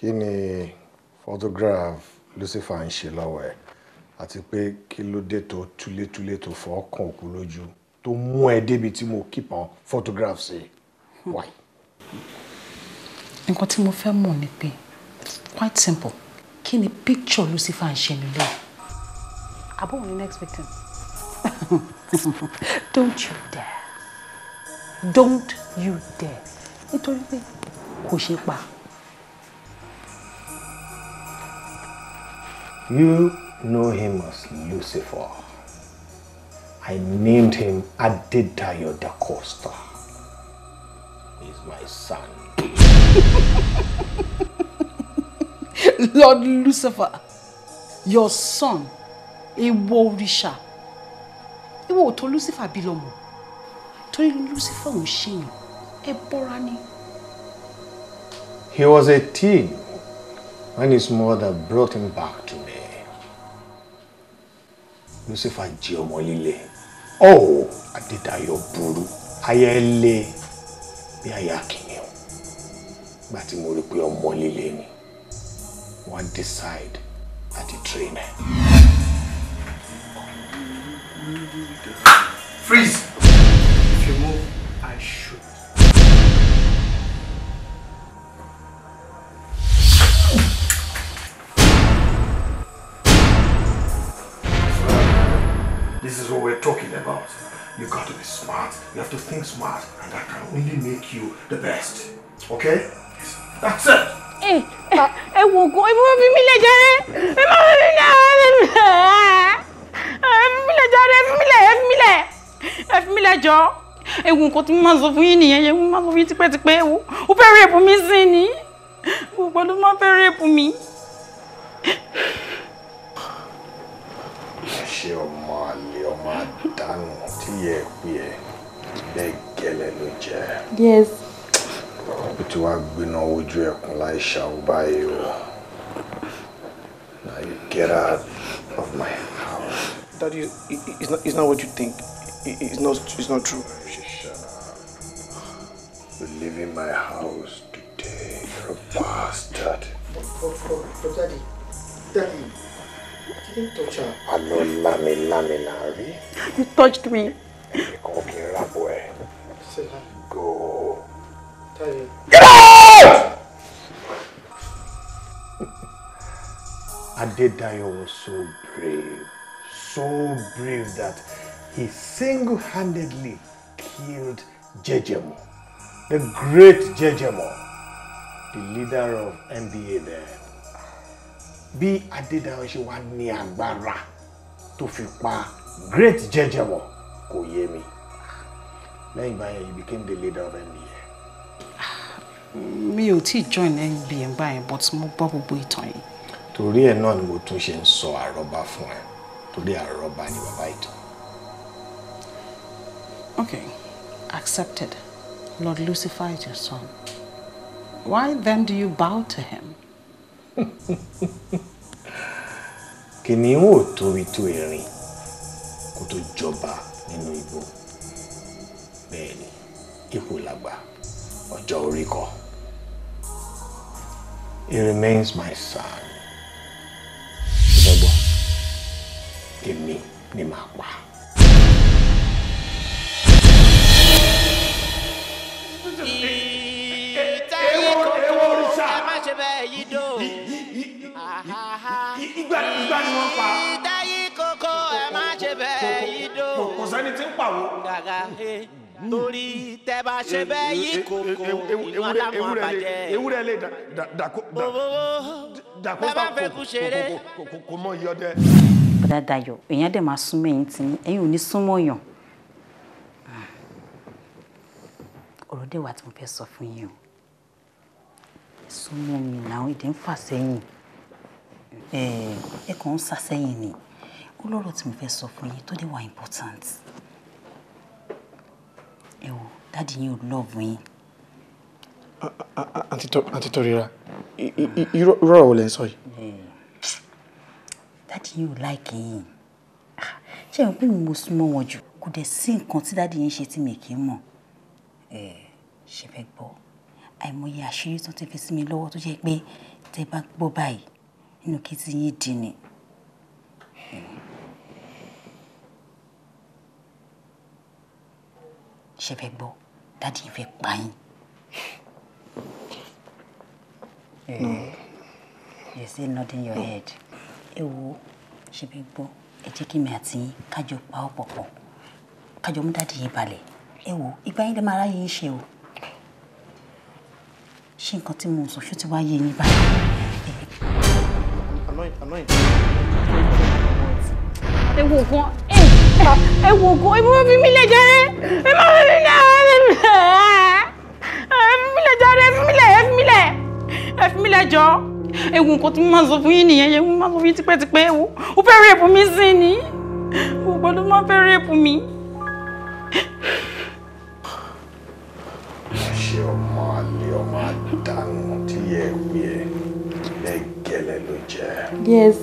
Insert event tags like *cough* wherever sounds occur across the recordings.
kí ni photograph Lucifer ń ṣe lọ́wọ́ ẹ̀ àti pé kí ló dé tó túlétúlé tó fọ́ ọkàn òkú lójú tó mú ẹ débi tí mo keep photograph sí why. nǹkan tí mo fẹ́ mọ̀ ni pé quite simple kí ni picture Lucifer ń ṣe nílé àbúrò ní next victim *laughs* don't you dare don't you dare nítorí pé kò ṣe pa. You know him as Lucifer. I named him Adetayo da Costa. He's my son. *laughs* Lord Lucifer, your son, a warrior. Ìwọ ò tó Lucifer bí lọ́mọ. Lucifer ò ṣèyàn, ni. He was 18 when his mother brought him back to me. Lucifer jẹ́ ọmọ líle ọ̀ọ́ Adédayọ̀ burú aya ẹlẹ́ bí aya kìnìún gbà tí mo rí pé ọmọ líle ni wọ́n decide láti train ẹ̀. Freeze! If you move, I shoot. This is what we're talking about. You got to be smart. You have to think smart, and that can only make you the best. Okay? That's it. Eh, eh, eh, ẹ wò kó ẹ má fi mí lẹ̀ jàre ẹ má fi mí lẹ̀ ẹ fi mí lẹ̀ jàre ẹ fi mí lẹ̀ ẹ fi mí lẹ̀ ẹ fi mí lẹ̀ jọ ẹ wò nǹkan tí mo máa sọ fún yín nìyẹn ẹ wò máa sọ fún yín tipẹ́tipẹ́ ẹ wò ó fẹ́ rèébù mi sí ni gbogbo ló máa fẹ́ rèébù mi. ẹ ṣe ọmọ àlè máa dànù tí yẹ pé ẹ bẹ́ẹ̀ gẹ́lẹ́ ló yes. ó ti wá gbiná ojú ẹkùn láì ṣàwò báyìí o now you get out of my house. daddy it's not, it's not what you think it's not, it's not true. You're leaving my house today. You're a bastard. Oh, oh, oh, daddy. Daddy. I didn't touch her. Àlọ́ lámilámi là ń You touched me. Ẹ̀mí kan Go. Get out! Adedayo was so brave, so brave that he single-handedly killed Jejemo, the great Jejemo, the leader of NBA there. bí Adédayọ̀ ṣe wá ní agbára tó fi pa great jẹjẹwọ kò yé mi lẹ́yìn báyẹn you became the leader of NBA. mi ò tí ì join NBA báyẹn but mo gbọ́ gbogbo ìtàn yìí. torí ẹ̀ náà ni mo tún ṣe ń sọ àrọ́bá fún ẹ torí àrọ́bá ni bàbá ìtàn. Okay, accepted. Lord, Lucifer is your son. Why then do you bow to him? *laughs* kìnìún ò tóbi tó erin kó tó jọba nínú igbó bẹ́ẹ̀ ni ipò làgbà ọjọ́ orí kọ́ he remains my son ṣùgbọ́n èmi ni màá pa. Please sà. ẹ má ṣe bẹ́ẹ̀ yí dò. ìgbà ìgbà ni wọ́n pa. ìdáyí kókó ẹ má ṣe bẹ́ẹ̀ yí dò. kò sẹ́ni tí ń pàwọ́. gàgà torí tẹ bá ṣe eh, bẹ́ẹ̀ yí eh, eh, kókó inú àdàmú àbàjẹ́. ewúrẹ́ lè dàkó. dàkó bá fẹ́ kú ṣeré. kò mọ iyọ̀ dẹ. bàdá dayọ̀ èèyàn dẹ̀ máa súnmọ́ ẹ̀yìn tí ẹ̀yìn ò ní súnmọ́ yàn ah. ọ̀rọ̀ dẹ̀ tí mo fẹ́ sọ fún yín o súnmọ́ mi náà èdè ń fà sẹ́yìn eh, ẹ kàn ń sá sẹ́yìn ni ó lọ́rọ̀ tí mo fẹ́ sọ fún yín tó dé wà important ẹ wò dáàdi yín ò lọ́ọ̀bù yín. àǹtí Tọ́rírà irú ọ̀rọ̀ wo lẹ ń sọ yìí. Eh, dáàdi yín ò láìkì yín ah, ṣé ẹ pé mo súnmọ́ wọn jù kò dẹ̀ sí nǹkan tí dáàdi yín ṣe tí mi kì í mọ̀ eh, ṣe fẹ́ gbọ́ àìmọye àṣírí tó ti fi sí mi lọ́wọ́ tó jẹ́ pé tẹ bá gbọ́ báyìí inú kí ti yín dì ní. ṣe fẹ́ gbọ́ dáàdi ìfẹ́ pa yín. you say nothing your head. ẹ wo ṣe fẹ́ gbọ́ ẹ jẹ́ kí mi àti yín kájọ pa ọ́ pọ̀ kájọ mú dáàdi yìí balẹ̀ ẹ wo ìgbà yín lè máa ráyè ṣe o ṣé nǹkan tí mo sọ ṣó ti wáyé yín báyìí. Eh. ẹ wo gan ẹ wo gan ẹ máa fi mí lẹ̀ jàre ẹ máa fi mí lẹ̀ ẹ fi mí lẹ̀ jàre ẹ fi mí lẹ̀ ẹ fi mí lẹ̀ ẹ fi mí lẹ̀ jọ ẹ wo nǹkan tí mo máa sọ fún yín nìyẹn yẹn mo máa sọ fún yín tipẹ́tipẹ́ ẹ wo ó fẹ́ rèébù mi sí ni gbogbo ló máa fẹ́ rèébù mi ọmọ àlè ọmọ àdánù tí yẹ wí ẹ lẹ́gẹ̀lẹ̀ ló jẹ́. yes.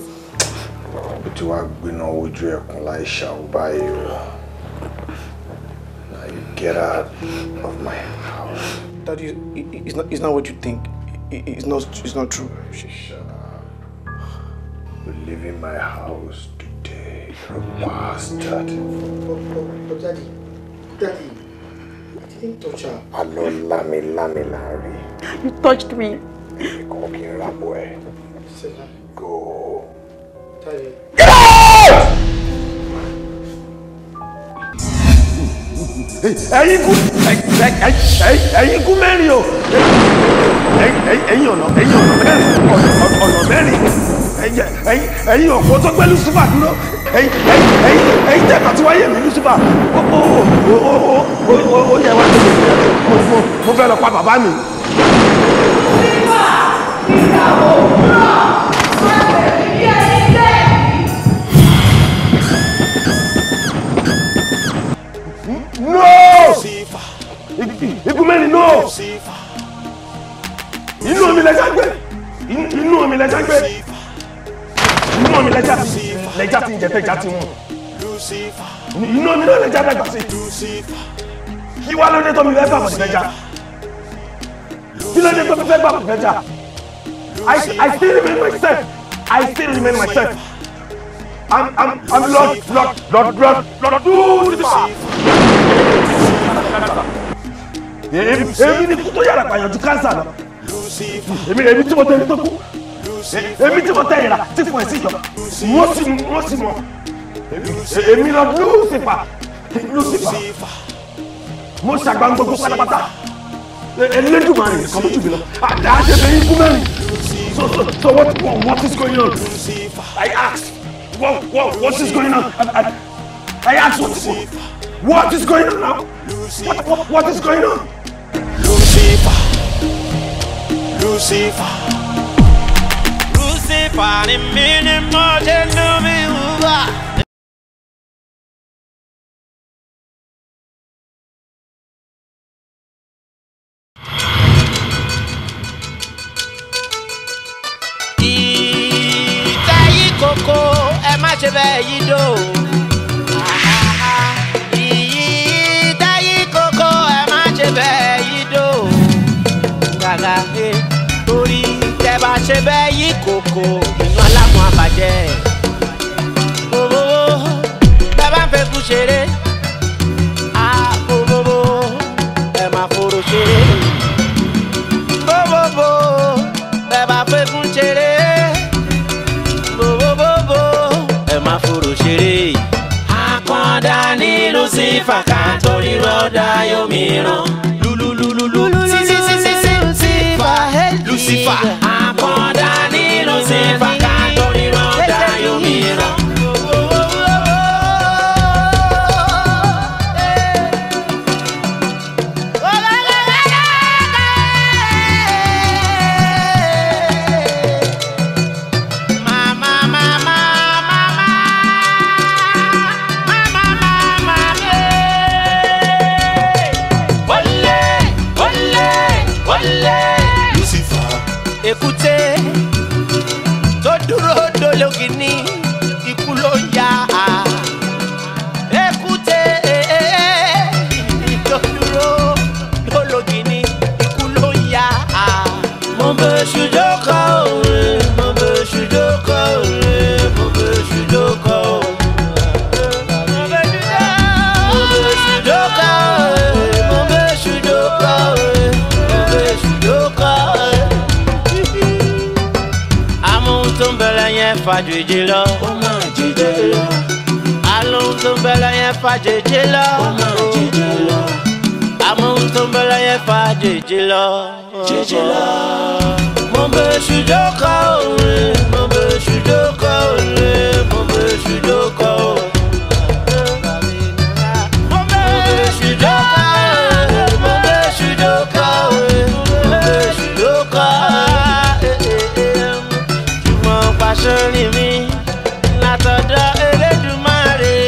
ó ti wá gbiná ojú ẹkùn láì ṣàwọ̀ báyìí o now you get out of my house. daddy it's not, it's not what you think it's not, it's not true. Shut up. you're leaving my house today you're a bastard. Oh, oh, oh, daddy daddy didn't touch her. Àlọ́ lámilámi là ń rí. You touched me. Ìkọ̀ kí n rà bọ̀ ẹ́. Go. Jáde. Get out! Ẹ̀yin kú ẹ̀yin kú mẹ́rin o. Ẹ̀yin ọ̀nà ẹ̀yin ọ̀nà mẹ́rin jẹ ẹ̀yin ẹ̀yin ọ̀pọ̀ tó gbé lucifer dúró ẹ̀yin ẹ̀yin ẹ̀yin ẹ̀yin tẹ̀ka tí wáyé mi lucifer ó ó ó ó ó ó yẹ wá tó mo mo mo fẹ́ lọ pa bàbá mi. inú omi lẹ́jà gbé inú omi lẹ́jà gbé mímọ́ mi lẹ́jà ti lẹ́jà ti ń jẹ tẹ́jà ti mú inú mi náà lẹ́jà dàgbà sí kí wá lóde tó mi fẹ́ gbà pọ̀jù lẹ́jà kí lóde tó mi fẹ́ gbà pọ̀jù lẹ́jà I, I still remain myself I still remain myself I'm I'm I'm Lord Lord Lord Lord Lord Lucifer. èmi ni kú tó yára pàyànjú kánsà náà èmi èmi tí mo tẹ́lẹ̀ tó kú èmi tí mo tẹ̀ yìí tí fún ẹ sí jọ wọ́n sì wọ́n sì mọ̀ èmi lọ lùsìfà lùsìfà mo ṣàgbà gbogbo pátápátá Elédùmarè nìkan mo jùbí lọ àdá ṣe fẹ́ ikú mẹ́rin so so so what what, is going on I ask what what what is going on I, I, I ask what, what is going on what what, what is going on. Lucifer. Lucifer fani mi ni mo ṣe nu mi wúwa. ìtayí koko ẹ má ṣe bẹ́ẹ̀ yí dò. ìtayí koko ẹ má ṣe bẹ́ẹ̀ yí dò. gàgà eh, torí tẹ bá ṣe bẹ́ẹ̀. bo bo bo, ẹ máa fòrò Bo bo ẹ máa fẹ́kún ṣeré Bo ẹ máa fòrò ṣeré. àkàndá ní lucifer ká torí rọ́dà yóò mìíràn. lululululu lucifer lucifer. fàjèjì lọ. ó máa jèjì lọ. alóhùn tó ń bẹ lẹ́yìn fàjèjì lọ. ó máa jèjì lọ. amóhùn tó ń bẹ lẹ́yìn fàjèjì lọ. jèjì lọ. mo bẹ ṣùdókọ̀ òun mo bẹ ṣùdókọ̀ òun mo bẹ ṣùdókọ̀. sórí mi látọ̀dọ̀ Elédùmarè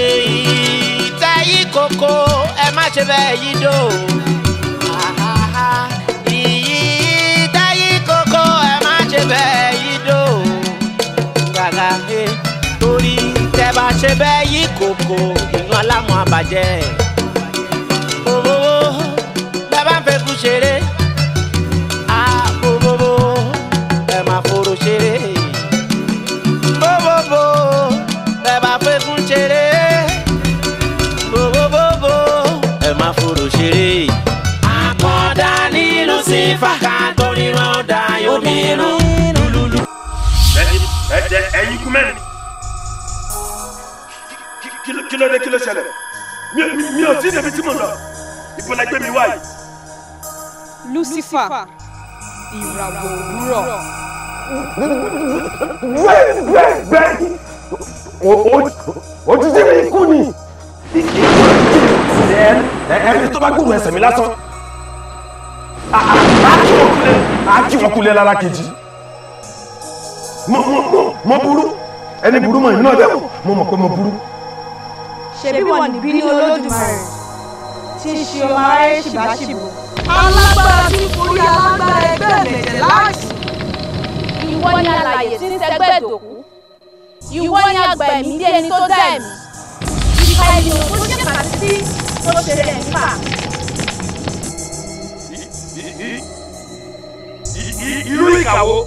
ìtayí kókó ẹ má ṣe bẹ́ẹ̀ yí dò. ìyí ìtayí kókó ẹ má ṣe bẹ́ẹ̀ yí dò. gàgà torí tẹ bá ṣe bẹ́ẹ̀ yí kókó inú alámọ̀ àbàjẹ́. nínú. ẹ̀yin kú mẹ́rin kí ló dé kí ló ṣẹlẹ̀ mi ò tí ì débi tí mo lọ ìpínlẹ̀ gbé mi wáyé. Lucifer ìràwọ̀ òwúrọ̀. bẹ́ẹ̀ bẹ́ẹ̀ bẹ́ẹ̀ òjijì mi kú ni ẹni tó bá gbóòrò ẹsẹ̀ mi lásán. àti òkúlẹ̀ á jí wọn kulẹ̀ lára kejì mo mo mo mo burú ẹni burú mọ̀ iná dẹ́mu mo mọ̀ pé mo burú. ṣebí wọn níbí ní olódùmarè tí ń ṣe ọmọ aráyé ṣìbáṣìbò. alágbára tí forí alágbára ẹgbẹ́ mẹ̀jẹ̀ láàṣì. ìwọ ni alààyè tí ń sẹgbẹ́ dòkú ìwọ ni àgbà ẹ̀mí dé ẹni tó dá ẹ̀mí. ìfà ènìyàn tó ṣe pàtí tó ṣe lẹ̀ nípa. irú ìkàwó.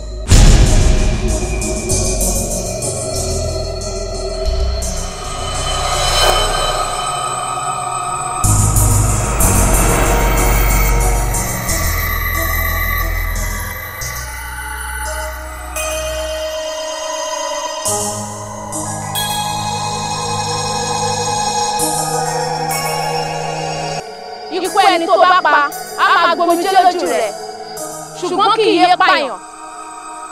ikú ẹni tó bá pa á máa gbomi jẹ́ lójú rẹ̀ ṣùgbọ́n kì í yé pààyàn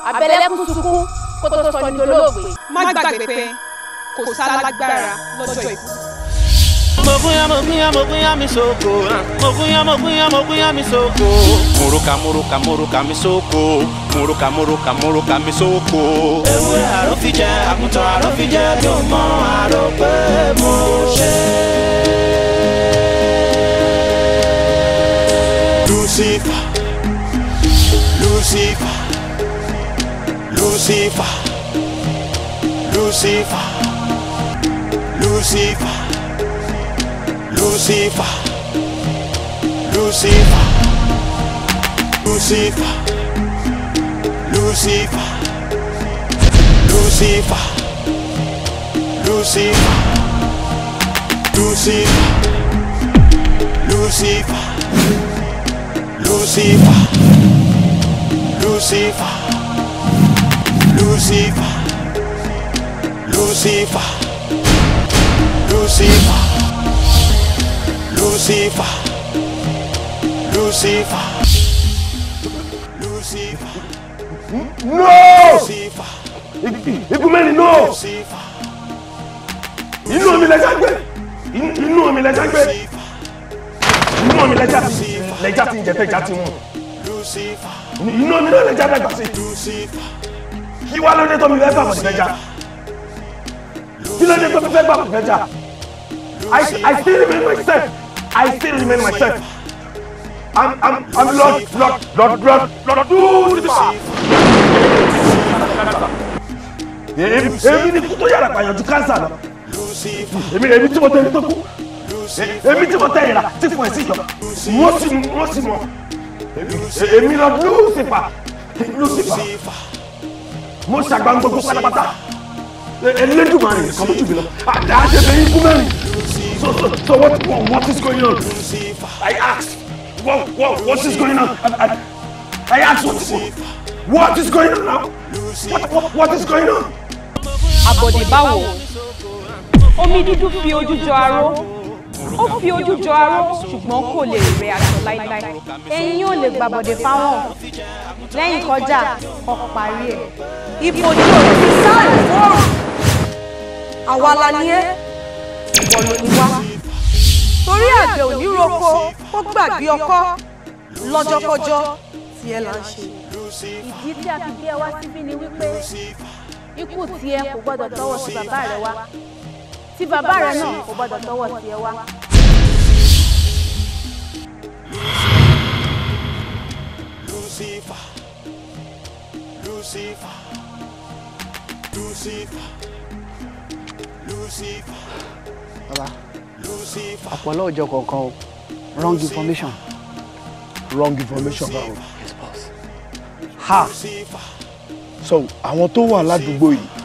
abẹ́lẹ́kùn sunkún kó tó sọ ní dolóògbé. má gbàgbé pé kò sálágbára lọ́jọ́ ikú. mo gúnyán mo gúnyán mo gúnyán mi sóko mo gúnyán mo gúnyán mo gúnyán mi sóko. mùrùkà mùrùkà mùrùkà mi sóko mùrùkà mùrùkà mùrùkà mi sóko. ewúrẹ́ àròfíjẹ́ àgùntàn àròfíjẹ́ bí ó mọ àròpé mo ṣe. Lucifer. Lucifer, Lucifer, Lucifer, Lucifer, Lucifer, Lucifer, Lucifer, Lucifer, Lucifer, Lucifer, Lucifer, Lucifer, Lucifer. Lucifer, Lucifer, Lucifer, Lucifer, Lucifer, Lucifer, Lucifer. No! you Igun mẹ́rin no! Inú mi lẹ́jà gbé! Inú mi lẹ́jà gbé! Inú mi lẹ́jà ti lẹ́jà ti ń jẹ tẹ́jà ti mú inú omi náà lẹ́jà dàgbà sí kí wá lóde tó mi fẹ́ gbà kò sí kí lóde tó mi fẹ́ gbà kò sí I I still remain myself I still remain myself I'm I'm I'm lost, lost, lost, Lord Lord Lucifer. èmi ni kú tó yàrá pàyànjú kánsà lọ èmi èmi tí mo tẹ̀lé tó kú èmi tí mo tẹ̀lé rà tí fún ẹ̀ sí ìjọba wọ́n sì mọ̀ èmi lọ lucifer lucifer mo ṣàgbà gbogbo pátápátá Elédùmarè nìkan mo jùbí lọ àti àṣẹfẹ ikú mẹ́rin so so so what what is going on i ask. what what what is going on i i, I what is going on. What is going on What, what, what is going on? Àbọ̀dé báwo? Omi dúdú fi ojú jọ aró ó fi ojú jọ aró ṣùgbọ́n kò lè rẹ aṣọ láíláí ẹ̀yin ò lè gbàbọ̀dẹ̀ fáwọn lẹ́yìn kọjá ọkọ̀ parí ẹ̀. ipò tí o ti sáàlì fọ́ọ̀rù àwa la ní ẹ́ ìwọ ló ní wá torí àgbẹ̀ ò ní roko kó gbàgbé ọkọ lọ́jọ́kọjọ́ tí ẹ là ń ṣe. ìdí tí a fi gbé ẹ wá síbí ni wípé ikú tí kò gbọ́dọ̀ tọwọ́ sí bàbá rẹ wá tí bàbá rẹ náà kò gbọdọ̀ tọwọ́ sí ẹ wá. Lucifer Lucifer Lucifer Lucifer. bàbá àpọ̀lọ́ ọjọ́ kọ̀ọ̀kan o wrong information. wrong information báwo. yes boss. ha so àwọn tó wà ládùúgbò yìí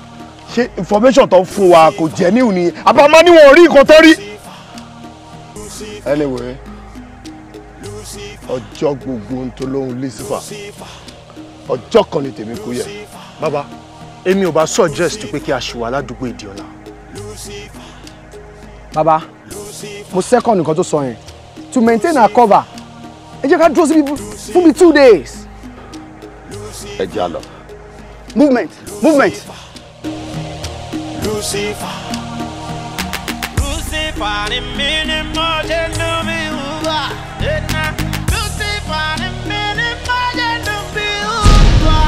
ṣé information tó fún wa kò jẹ́ níhùn ni àbá máa ní wọn rí nǹkan tó rí. anyway ọjọ́ gbogbo ń tó lóhun Lucifer ọjọ́ kan ni tèmi kú yẹ. bàbá èmi ò bá suggest pé kí a ṣùwà ládùúgbò èdè ọ̀la. bàbá mo second nǹkan tó sọ yẹn to maintain our cover ẹ jẹ́ ká dúró síbi fún bíi two days. ẹ jẹ́ àlọ́. movement movement. Lucifer. Lucifer. Lucifer the mí ah, ah. ni mo ṣe nu mi wúwa. Lucifer ni mí ni mo ṣe nu mi wúwa.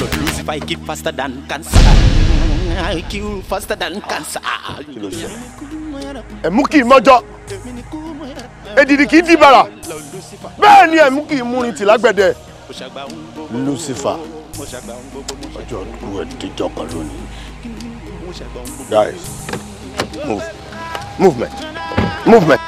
Lord Lucifer, I kill faster than cancer. I kill faster than cancer. Ẹ mú kí n mọ́jọ́. Edidi kì í di bàrà bẹ́ẹ̀ ni ẹ̀mú kì í múrin tì lágbẹ̀dẹ. Lucifer ọjọ́ ìlú ẹ̀ kan lónìí guys move movement movement.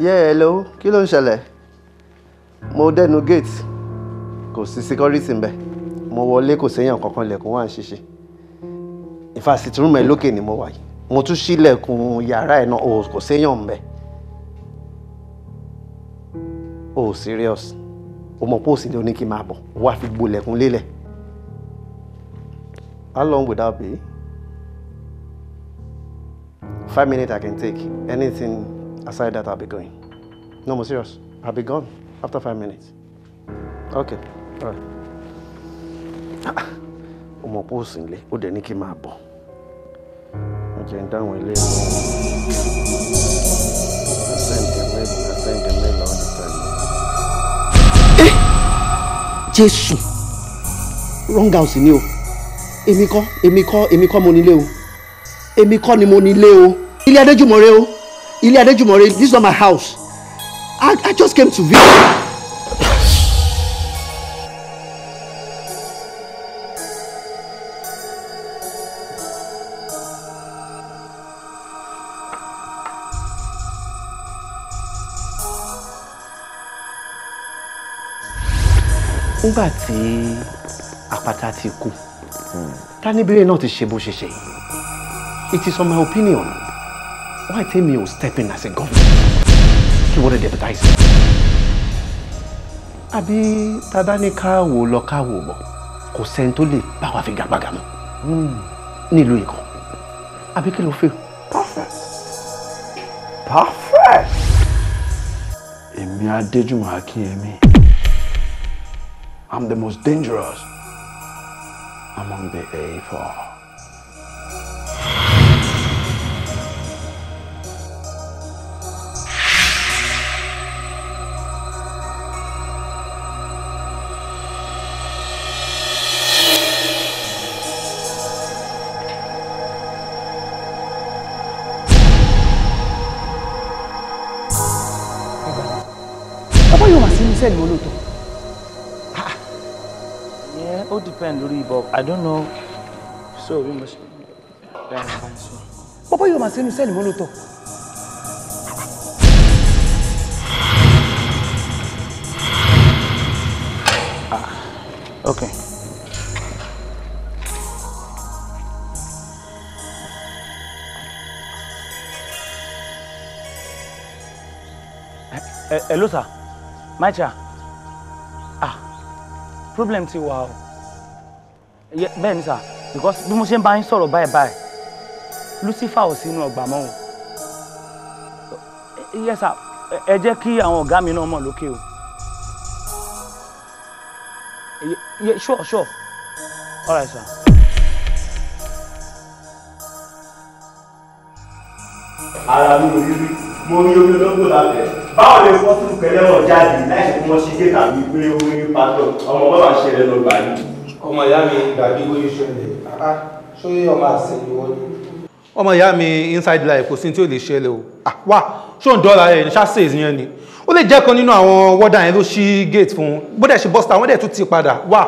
yeah hello kí ló ń ṣẹlẹ̀ mo dẹnu gate kò sí security ńbẹ̀ mo wọlé kò séèyàn kankan lẹ̀kùn wà ń ṣiṣẹ́ ìfàsìtì rúmọ ẹ lókè ni mo wà yìí mo tún ṣílẹ̀kùn yàrá ẹ̀ náà kò séèyàn ńbẹ̀ o oh, serious o mọ̀ pé òsínlẹ oní kí n máa bọ̀ wá fi gbolẹ̀kùn lélẹ̀ how long would that be five minutes I can take anything. Aside that, I'll be going. No more serious. I'll be gone after five minutes. Okay, all right. Ah, ọmọ pọ̀ sí ilé, ó dẹ̀ ní kí n máa bọ̀. Mo jẹ́ ń dáhùn eh! wrong house ni o. Èmi kọ́, èmi kọ́, èmi kọ́ ni mo nílé o. Ilé Adéjùmọ̀ rẹ Ile Adejumore, this is not my house. I, I just came to visit. nígbà tí àpáta ti kú táníbìrì náà ti ṣe bó ṣe ṣe it is on my opinion why Temi will step in as a governor? He wanted deputize. Àbí tabaníká wo lọ wo wò ko kò sẹ́ni tó lè bá wa fi gàgbàgà mọ́ nílùú yìí kan. Àbí kí ló fẹ́? Perfect. Perfect. Èmi Adéjùmọ̀ Akínyẹmí. I'm the most dangerous among the A4. sẹ́ẹ̀lì wo ló tọ̀. ó depend lórí ibọ i don't know so we bí mo ṣe. bọ́bọ́ yóò máa sẹ́nu sẹ́ẹ̀lì wo ló tọ̀. okay. Eh, eh, hello, sir. Macha, ah, problem ti wà o. Bẹ́ẹ̀ ni sà, because bí mo ṣe ń bá yín sọ̀rọ̀ báyìí báyìí, Lucifer ò sínú ọgbà mọ́ o. Eh, yes sà, ẹ jẹ́ kí àwọn ọ̀gá mi náà mọ̀ lókè o. Sure, sure. All right, sir. ara mi ò rí rí mo rí omi lọ́gbọ̀n lábẹ́ báwo lè fọ́ sí ìpẹ́lẹ́ wọn jáde láìsí kí wọ́n ṣe dé tàbí pé ó rí pátọ̀ ọmọ bá wàá ṣẹlẹ̀ lọ gbà ní. ọmọ ìyá mi gbàgbé bóyá ṣẹlẹ̀ ṣé ọmọ àṣẹ ìwọ ni. ọmọ ìyá mi inside life kò sí tí ò lè ṣẹlẹ̀ o ah, wà ṣó ń dọ́ra ẹ̀ ní ṣáṣe ìyẹn ni ó lè jẹ́ kan nínú àwọn wọ́dà yẹn ló ṣí gate fún un bó dẹ̀ ṣe bọ́sítà wọ́n dẹ̀ tún ti padà wà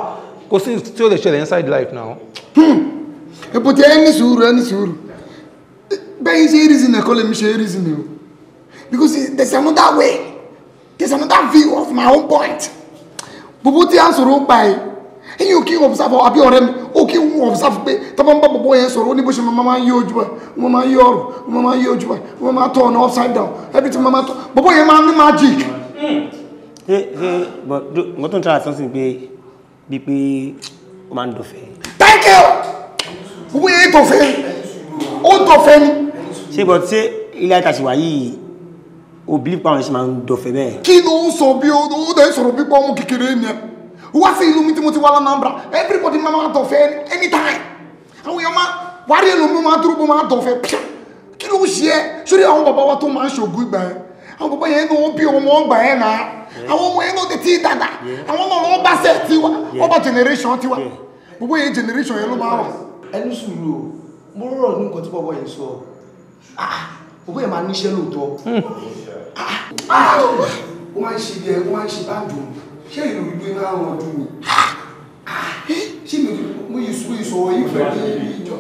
kò sí tí ó lè ṣẹlẹ̀ inside life now. èpùtẹ́ hmm. ẹni sùúrù ẹni sùúrù bẹ́ẹ̀ ṣe é reason ẹ̀kọ́ lèmi ṣe é reason o because there's another way there's another view of my own point bubu ti a by gba yi e. ẹ̀yin observe àbí ọ̀rẹ́ mi ó kí n observe pé tọ́pọ̀ ń bá bọ̀bọ̀ yẹn sọ̀rọ̀ ó ní bó ṣe máa máa ń yí ojú bá wọ́n máa ń yí upside down everything mama tọ̀ bọ̀bọ̀ yẹn máa ń magic. ṣé ṣé but tó ń try something pé bíi pé ó máa ń dọ̀fẹ́. thank you bọ̀bọ̀ yẹn tọ̀fẹ́ ó tọ̀fẹ́ ni. ṣé bọ̀ ṣé ilé àtàṣìwá yìí òbí pa àwọn ẹ̀sìn máa ń dọ̀fẹ́ bẹ́ẹ̀. kí ló ń sọ bí ó dẹ̀ sọ̀rọ̀ bí pọ́nmù kékeré ni ẹ wá sí ìlú mi tí mo ti wá l'Anambra everybody máa máa dọ̀fẹ́ anytime àwọn èèyàn máa wárí ẹlòmí máa dúró bó máa dọ̀fẹ́ pẹ́ kí ló ń ṣe ẹ sórí àwọn bàbá wa tó máa ń ṣògùn ìgbà yẹn àwọn bàbá yẹn náà bí ọmọ ọgbà yẹn náà àwọn ọmọ yẹn náà ti tí dada àwọn náà wọn bá sẹ tiwa wọn bá generation tiwa bàbá yẹn generation yẹn ló máa o mo rọrọ ní nǹkan tí bàbá yẹn sọ ah, bàbá wọ́n á ṣe bẹ́ẹ̀ wọ́n á ṣe báńdò ṣé ìlú ìlú iná àwọn ọdún mi ṣé mi mo yìí sọ yìí sọ̀rọ̀ yìí ìjọ.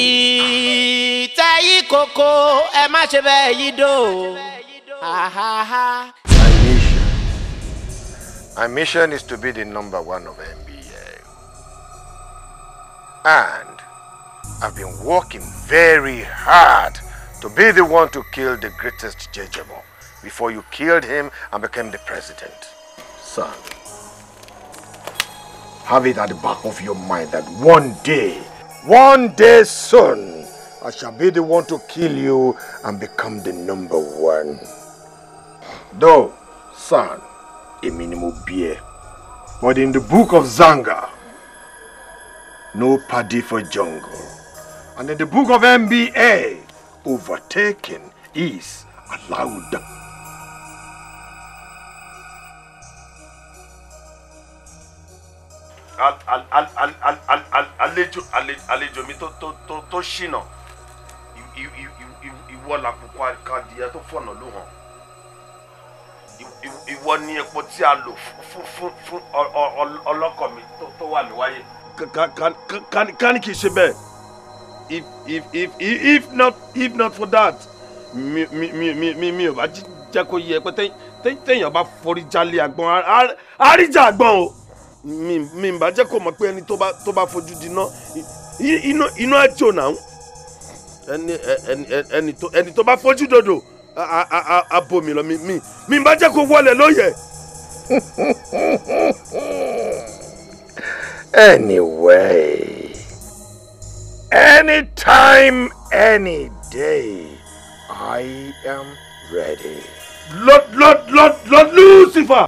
ìtẹ́ yìí kókó ẹ má ṣe bẹ́ẹ̀ yí dò. My mission. My mission is to be the number one of MBA. And I've been working very hard to be the one to kill the greatest Jejabo before you killed him and became the president. Son, have it at the back of your mind that one day, one day soon, I shall be the one to kill you and become the number one. Though, son, a minimum beer. But in the book of Zanga, no paddy for jungle. And in the book of MBA, Overtaking is allowed. àlejò àlejò mi tó tó tó tó ṣìnà ìwọ làkùkọ àkàdìyẹ tó fọ̀nà ló hàn ìwọ ni epo tí a lò fún fún fún ọlọ́kọ̀ mi tó wà níwáyé. ká ní kí n ṣe bẹ́ẹ̀ if if if if not if not for that mi mi mi mi mi ò bá jẹ́ kó yẹ pé téèyàn bá forí jálé àgbọn àríjà àgbọn o mi mi bá jẹ́ kó mọ̀ pé ẹni tó bá tó bá fojú diná iná iná àjò náà ẹni ẹni ẹni tó ẹni tó bá fojú dodo abomi lọ mi mi mi bá jẹ́ kó wọlé lóye. *laughs* anyway. Any time, any day, I am ready. Lord, Lord, Lord, Lord Lucifer!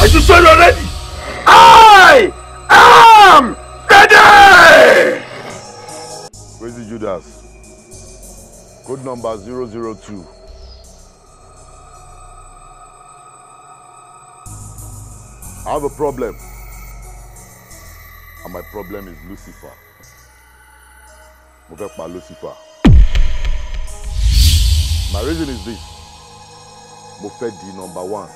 Are you sure you're ready? I am ready! Crazy Judas, code number 002. I have a problem. And my problem is Lucifer. Mo by Lucifer. My reason is this. Mo fẹ́ di number one.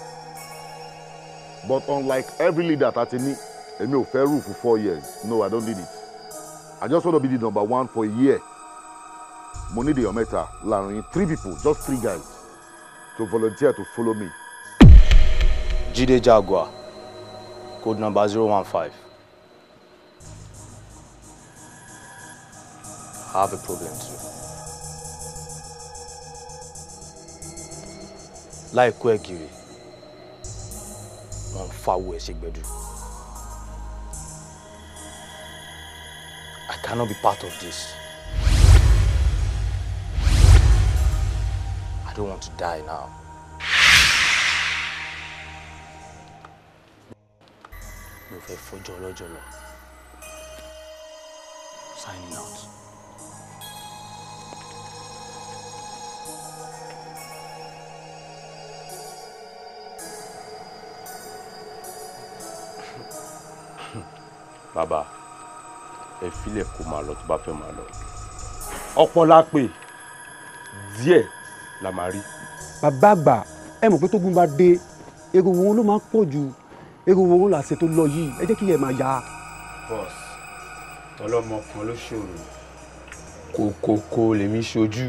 But unlike every leader tati ni, èmi ò fẹ́ rule for four years. No, I don't need it. I just want to be the number one for a year. Mo need èèyàn mẹ́ta three people, just three guys to volunteer to follow me. Jide Jaguar code number 015. I have a problem too. láìkó ẹ̀ kiri wọ́n ń fáwọ́ ẹ̀ ṣègbẹ́dù. I cannot be part of this. I don't want to die now. fẹ́ fọjọ́ ọlọ́jọ́ lọ. Signing out. *laughs* bàbá ẹ filẹ̀ kó máa lọ tó bá fẹ́ máa lọ ọ̀pọ̀ la pè díẹ̀ la máa rí. bàbá àgbà ẹ mọ̀ pé tógun bá dé egungun ló máa ń pọ̀ jù irú owó là ṣe tó lọ yìí ẹ jẹ́ kí ẹ máa ya. boss ọlọ́mọ kan ló ṣòro kòkòkò lèmi ṣojú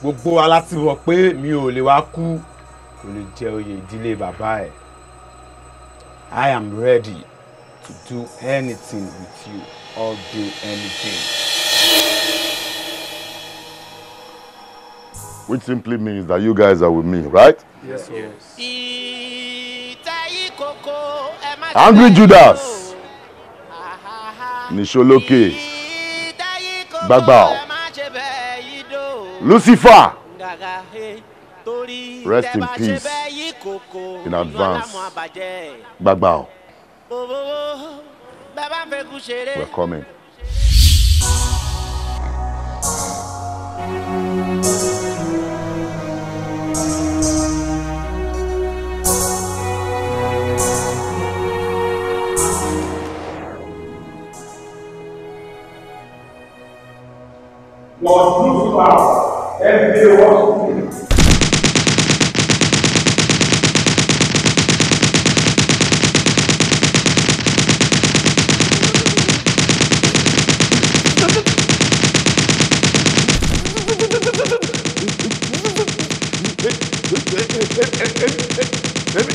gbogbo wa láti wọ̀ pé mi ò lè wá kú kò lè jẹ oyè ìdílé bàbá ẹ̀ I am ready to do anything with you all day any Which simply means that you guys are with me, right? Yes, yes. yes. Angry Judas Nìṣolókè Gbagba Lucifer rest in peace in advance Gbagba we're coming. must lose power and be what?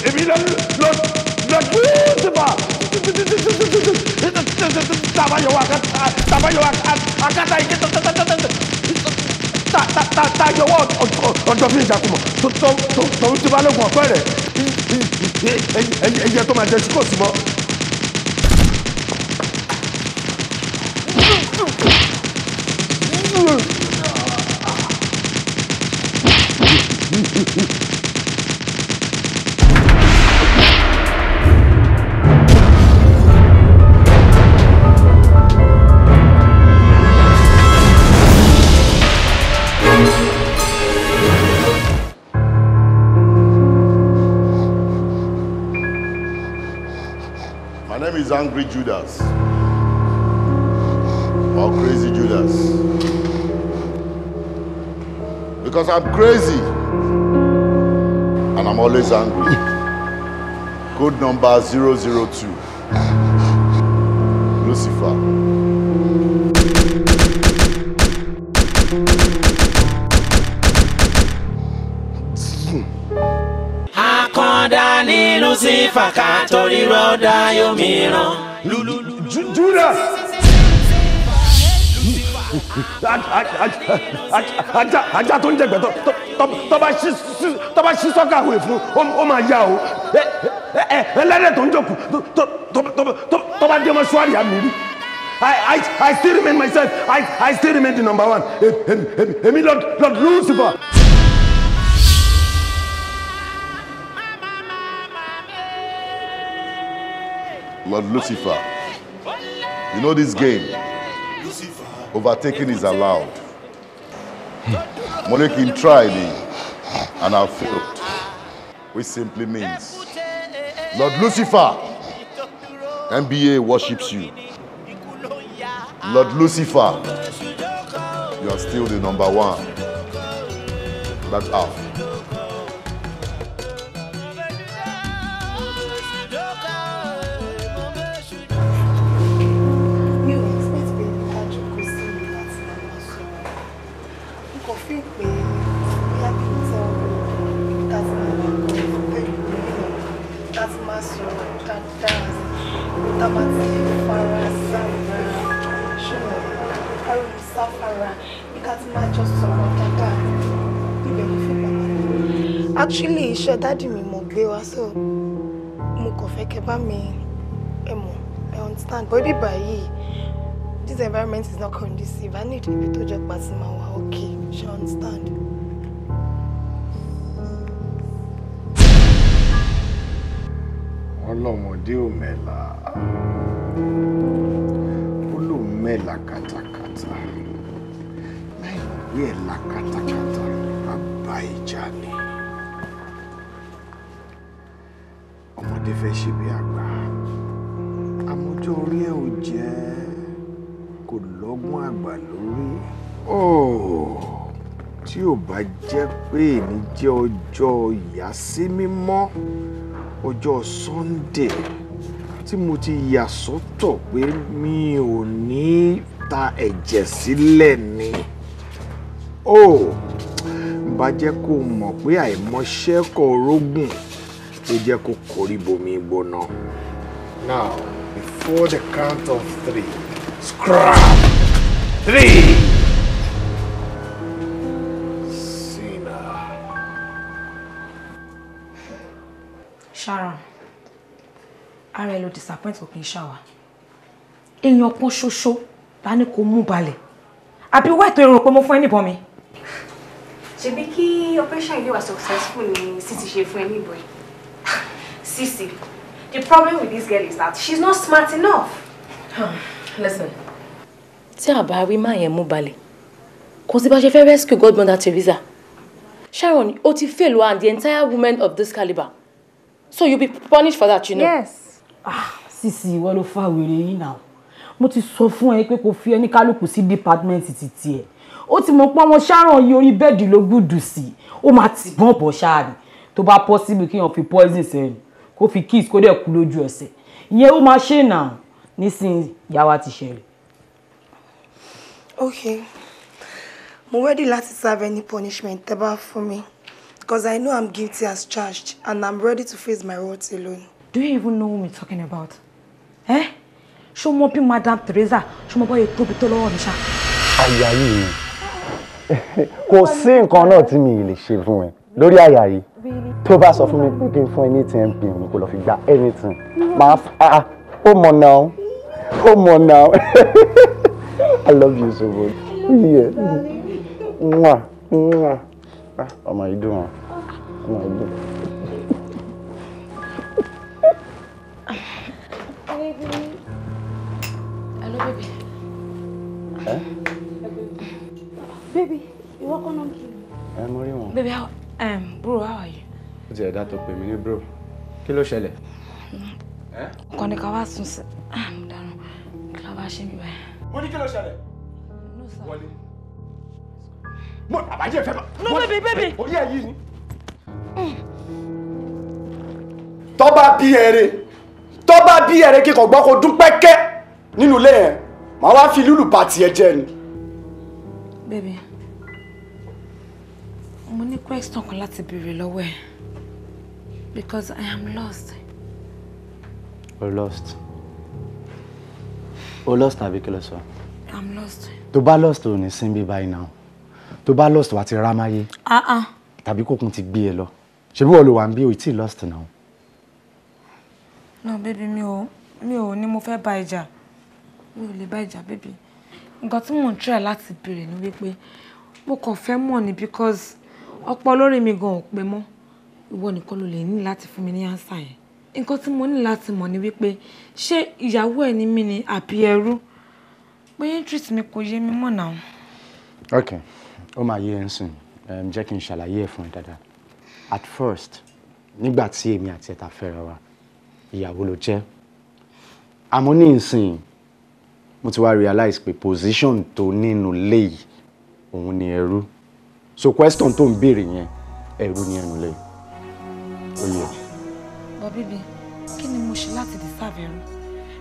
Èmi lọ lọ lọ júùsì bá tabayọ akata tabayọ akata ike tatatatata tá yọwọ́ ọjọ́ fi ìjàkùmọ̀ tòun ti balógun ọ̀pẹ́ rẹ̀ ẹyẹ tó máa jẹ sí kò sí mọ́. angry Judas or crazy Judas. Because I'm crazy and I'm always angry. Code number 002. sí fàkà torí rọ́dà yóò mìíràn. Judas. ajá tó ń jẹgbẹ́ tọ́ba sí sọ́kà àwẹ̀ fún ó máa yá o ẹlẹ́dẹ̀ tó ń jòkù tọ́ba dé ọmọ ṣúwárì àmì I, I, I still remain myself. I, I still remain the number one. Èmi e, e, e, Lord Lord Lucifer. Lord Lucifer. You know this game? Overtaking is allowed. Morekin tried it and I failed. Which simply means, Lord Lucifer, NBA worships you. Lord Lucifer, you are still the number one. That's out. actually iṣẹ́ dádì mi mo gbé wá so mo kàn fẹ́ kẹ́ bá mi ẹ mọ̀ I understand but bíbá yìí this environment is not conducive I need ibi tó jẹ́ pàtí máa wà okay she understand. ọlọ́mọdé ò mẹ́la ó lòún mẹ́la kàtàkàtà láì mọ̀ pé ẹ̀la kàtàkàtà bàbá ìjà ni ọmọdé fẹ́ ṣe bí àgbà àmójọ́ orí ẹ̀ ò jẹ́ kò lọ́gbọ́n àgbà lórí tí ò bá jẹ́ pé èmi jẹ́ ọjọ́ ìyàsí mímọ́ ọjọ́ Sunday tí mo ti yà sọ́tọ̀ pé mi ò ní ta ẹ̀jẹ̀ sílẹ̀ ni ó bá jẹ́ kó mọ̀ pé àìmọṣẹ́ kọ̀ rógùn ló jẹ́ kó korí bomi gbóná. Now, before the count of three, scrap! Three! sharon ara ẹ ló disappoint kò kí n ṣàwà èèyàn kan ṣoṣo ta ni kò mú balẹ̀ àbí wá ètò èrò pé mo fún ẹ níbọn mi. ṣebí kí operation ilé wa successful ni sisi ṣe fún ẹ níbọn *laughs* sisi the problem with this girl is that she's not smart enough. Hmm, listen. tí a bá rí máa yẹn mú balẹ̀ kò sí bá ṣe fẹ́ rescue godmother Teresa Sharon ó ti fail and the entire women of this calibre so you be punished for that you know. yes. ah sisi ìwọ ló fa wèrè yìí náà mo ti sọ fún ẹ pé kò fi ẹni kálukú sí department titi tiẹ̀ ó ti mọ̀ pé àwọn ṣáràn yìí orí bẹ́ẹ̀dì ló gbùdù sí ó máa ti bọ́n bọ́ ṣáàrì tó bá possible kéèyàn fi poison sẹ́yìn kó fi kiss kó dẹ̀ kú lójú ẹsẹ̀ ìyẹn ó máa ṣe náà nísìnyí yàwá ti ṣẹlẹ̀. ok mo ready láti serve any punishment tẹ́ bá fún mi. Because I know I'm guilty as charged and I'm ready to face my words alone. Do you even know whom you're talking about? Eh? Show more people, Madam Teresa, Show mọ̀ bóyá tóbi tó lọ́wọ́ mi ṣá. Àyà yìí ni. Kò sí nǹkan náà tí mi lè ṣe fún ẹ lórí àyà yìí. Tó bá sọ mi pé kí n fún ẹ mi kò lọ fi gba anything. Màá ah, ah. ó mọ̀ now. ó mọ̀ now. *laughs* I love you so much. Yeah. Mwah. Mwah. Ah, ọmọ yìí dùn ọ ọmọ yìí dùn. Hello, baby. Eh? Baby, you walk on kí ni? Ẹ mo rí wọn. Baby, how, um, bro, how are you? Ó ti ẹ̀dá tó pè mí ní bro. Kí ló ṣẹlẹ̀? Ọkàn ni ká wá sùn sí. Ah, mo dàrú, kí ló bá ṣe mi báyìí? Mo ní kí ló ṣẹlẹ̀? Wọlé mo àbájẹ fẹ́ ma. no baby baby. orí ẹ yìí ni. Eh. tọ́ba bí ẹ̀rẹ̀ tọ́ba bí ẹ̀rẹ̀ kíkọ̀ gbọ́ kó dún pẹ́kẹ́ nínú ilé yẹn màá wá fi lúlù pàtì ẹ jẹ ni. baby mo ní question kan láti béèrè lọ́wọ́ ẹ because I am lost. o lost o lost àbí kí ló sọ. I'm lost. tó bá lost ò ní sin báyìí náà tó bá lost wá ti rámáyé tàbí kòkun ti gbé ẹ e lọ ṣebí wọ́n ló wà ń bí o tí lost náà. no bébí mi ò mi ò ní mo fẹ́ bá ìjà mi ò lè bá ìjà bébí nǹkan tí mò ń try láti béèrè ni wípé mo kàn fẹ́ mọ̀ ni because ọ̀pọ̀ lórí mi gan ò pé mọ́ ìwọ nìkan ló lè ní láti fún mi ní ánsà yẹn nǹkan tí mo ní láti mọ̀ ni wípé ṣé ìyàwó ẹ̀ ní mí ni àbí ẹrú bóyá treat mi kò yé mi mọ̀ náà. okay ó máa yé ẹ ń sìn jẹ́ kí n ṣàlàyé ẹ̀ fún ẹ dáadáa at first nígbà tí èmi àti ẹ̀ta fẹ́ra wa ìyàwó ló jẹ́ àmọ́ ní ìsìn mo ti wá realize pé position tó nínú léyìí òun ni ẹrú so question tó ń béèrè yẹn ẹrú ni ẹnu léyìí ó yẹ. bọ́bíbi kí ni mo ṣe láti deserve ẹrú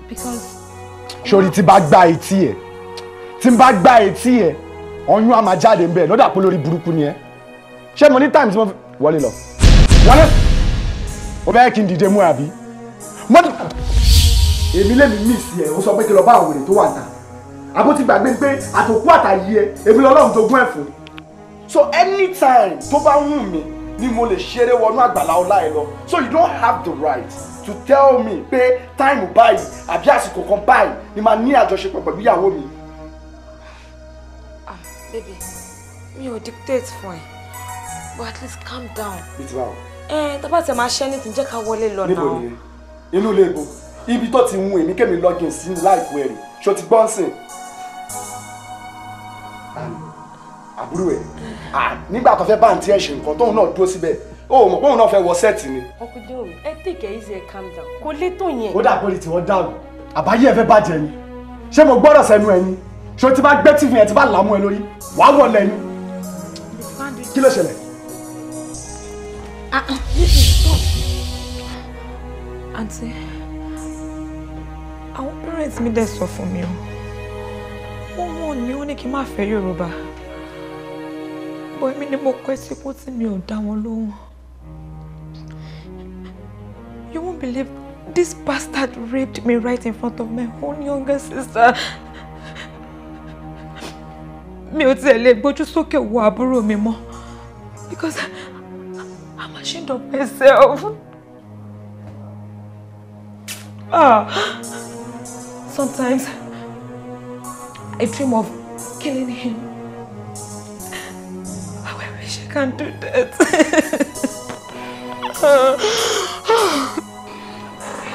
because. sori tí bá gbá etí ẹ tí bá gbá etí ẹ ọyún àmà jáde ń bẹ̀ lọ́dà pé lórí burúkú ni ẹ ṣé mo ní time tí mo fi wọlé lọ wọlé o bẹ́ẹ̀ kí n dìde mú àbí mo ní. èmi lèmi mí sí ẹ o sọ pé kí lọ bá àwòrán tó wà ta àbó gbàgbé pé àtòkú àtàyè ẹ èmi lọ́lọ́run jogún ẹ̀ fún. so anytime tó bá wù mí ni mo lè ṣeré wọnú àgbàlá ọlá ẹ lọ so you don't have the right to tell me pé time báyìí àbí àsìkò kan báyìí ni màá ní àjọṣepọ̀ pẹ̀lú ìyàwó mi Baby, me will dictate for you. But at least calm down. Bí ti báwo? Ẹ tó bá tẹ̀ máa ṣẹ́ anything jẹ́ ká wọlé lọ náà. Níbo ni? Inú ilé ibo. Ibi tó ti hun èmi kẹ́mi login sí láìpẹ́ rẹ̀. Ṣo ti gbọ́n sìn? Àbúrò ẹ̀. Nígbà tó fẹ́ bá àǹtí ẹ̀ ṣe nǹkan tóun náà dúró síbẹ̀ o mọ̀ pé òun náà fẹ́ wọ sẹ́ẹ̀tì ni. ọkùnrin omi ẹ tèkẹ́ easy ẹ calm down kò lè tó yẹn. ó dà pé olè tí wọ́n dàrú àbáyé ẹ fẹ́ bàjẹ́ ni ṣé mo se sẹ́nu ẹ ni ṣé tí bá gbé tv yẹn tí bá làámú ẹ lórí wàá wọlé ni kí ló ṣẹlẹ̀. àǹtí ah, ah, àwọn parents mi dẹ̀ sọ fún mi o wọ́n wọ́n mi ó ní kí n má fẹ́ yorùbá bọ́ èmi ni mo kọ́ sípò tí mi ò dá wọn lóhùn. You won't believe this bastard raped me right in front of my own younger sister. mi ò tiẹ̀ lè gbójú sókè wo àbúrò mi mọ́ because I'm ashamed of myself. Ah, sometimes I dream of killing him. I wish I can do that. *laughs*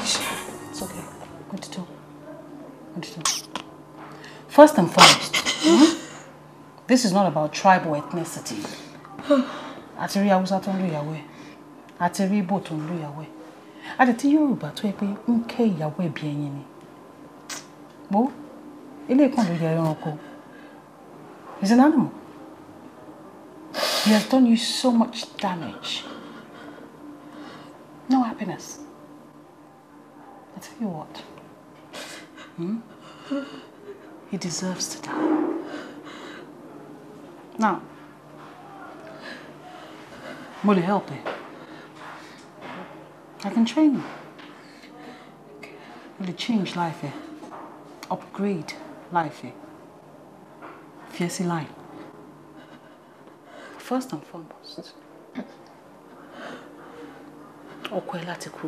it's okay. Go Go to to Continue. First and foremost. Huh? Hmm? this is not about tribe or ethnicity Atiri, *sighs* rí haúsá tó ń lu ìyàwó ẹ̀ àti rí ibo tó ń lu ìyàwó ẹ̀ àti tí yorùbá tó yẹ pé ń kẹ́ ìyàwó ẹ̀ bí ẹyin ni mo ilé kan ló yẹ ẹranko is an animal he has done you so much damage no happiness I tell you what hmm? he deserves to die. Nou, will it help you? I can train you. Will it change life? Eh? Upgrade life? Eh? Fierce life. First and foremost, Okwela láti kú.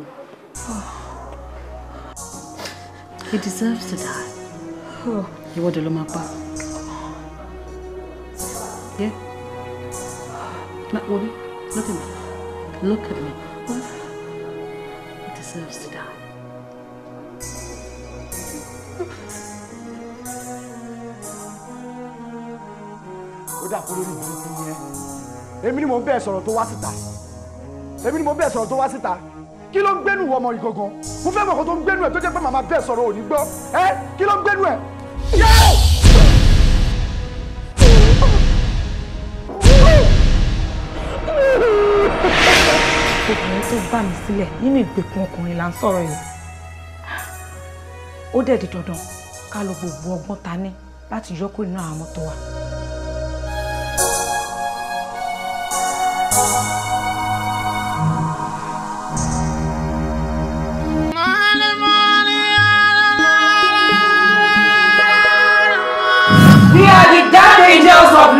He deserves to die. Ìwọ́de ló máa pa. Yeah? Not worry. Look at me. Look at me. What? He deserves to die. Èmi ni mò ń sọ̀rọ̀ tó wá síta. Èmi ni mò ń sọ̀rọ̀ tó wá síta. Kí ló ń gbénu ọmọ yìí gangan? Mo fẹ́ mọ̀ kó tó ń gbénu ẹ̀ tó jẹ́ pé màmá bẹ̀ sọ̀rọ̀ ò ní gbọ́. Ẹ kí ló ń gbénu ẹ̀? tó gbà mí sílẹ̀ nínú ìgbèkùn ọkùnrin là ń sọ̀rọ̀ yìí ó dẹ̀ di dandan ká lo gbogbo ọgbọ́n ta ní láti yọ kúrò nínú àwọn ọmọ tó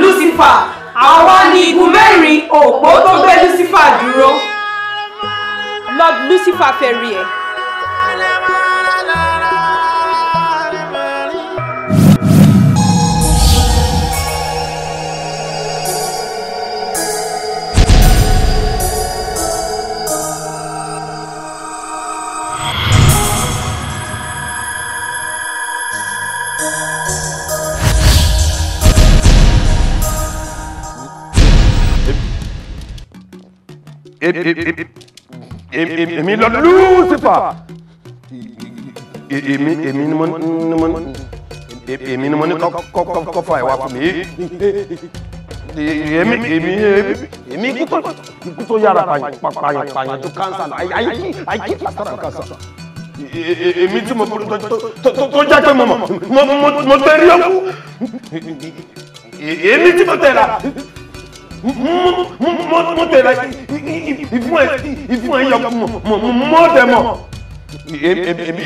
Lucifer àwa ní igun mẹ́rin òpó tó gbé Lucifer dúró. Lord Lucifer fẹ́ rí ẹ. it, it, it, it, èmi lọ Lucifer èmi èmi ni mo ni mo èmi ni mo ní kọ́fà ẹ̀ wá fún mi èmi èmi èmi kíkú tó yára pààyàn pààyàn tó kánsà ayé ayé pàtàkì kánsà èmi tí mo tó jẹ́ pé mo mo mo tẹ̀rí ọkú èmi tí mo tẹ̀ra mo tẹ la ìfún ẹ ìfún ẹ yọ mo tẹ mọ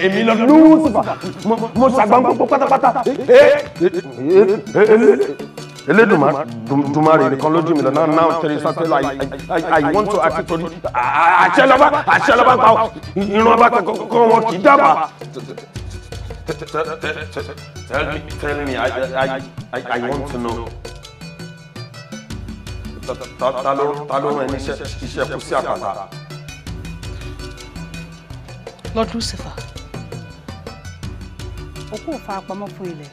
èmi lọ lúùsùfà mo ṣàgbọ́n gbogbo pátápátá elédùnmarè nìkan lójú mi lọ náà náà tẹ̀lé sátẹ́lá i want to act torí àṣẹlọ́bá àṣẹlọ́bá pa irun ọba kọ̀ọ̀kan wọn kì í dábàá. Tell me, tell me, I, I, I, I want to know ta ló rán ẹni iṣẹ́ kú sí àpàlà. Lord Lucifer òkú ò fara pamọ́ fún ilẹ̀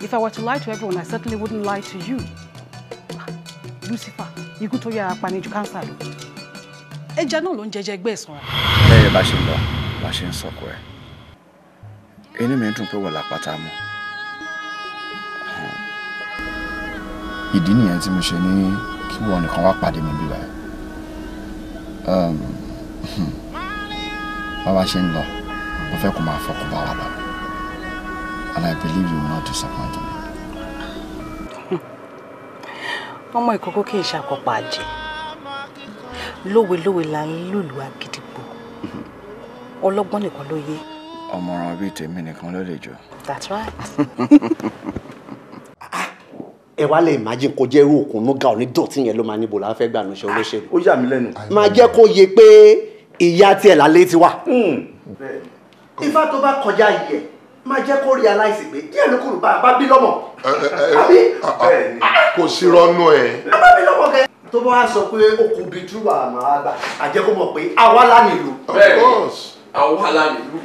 if I were to lie to everyone I certainly wouldn't lie to you Lucifer ikú tó yára pa ni ju kánsà lọ ẹja náà ló ń jẹjẹ ẹgbẹ́ ìsanra. bẹ́ẹ̀ bá ṣe ń lọ bá ṣe ń sọ̀kọ ẹ̀ inú mi dùn pé wọ́n lápá mú. ìdí nìyẹn tí mo ṣe ní kí wọn nìkan wá pàdé mi bí báyìí um, *laughs* bá wa ṣe ń lọ mo fẹ́ kó máa fọkàn bá wa lọ and I believe you will not disappoint me. ọmọ ìkókó kì í ṣàkópa àjẹ lówelówe la ń lùlù àgídìgbò ọlọ́gbọ́n nìkan ló yé. ọmọràn bíi tèmi nìkan ló lè jọ. that's right. *laughs* ẹ wá lè imagine kó jẹ́ irú òkùnnú ga òní dọ̀tí yẹn ló máa níbo la fẹ́ gbà ní ṣe olóṣèlú. Ah, ó yà mí lẹ́nu. máa jẹ́ kó yẹ pé ìyá tiẹ̀ lálé ti wà. Hmm. ifá tó bá kọjá yìí máa jẹ́ kó realize pé díẹ̀ ló kúrò bá a bá bí lọ́mọ. Ah, ah, kò sí rọ́nú ẹ̀. a bá bí lọ́mọ kẹ. tó bá sọ pé ó kò bí àmọ́ àgbà àjẹ́ kó mọ̀ pé àwa lá nílùú. bẹ́ẹ̀ àwa lá nílùú.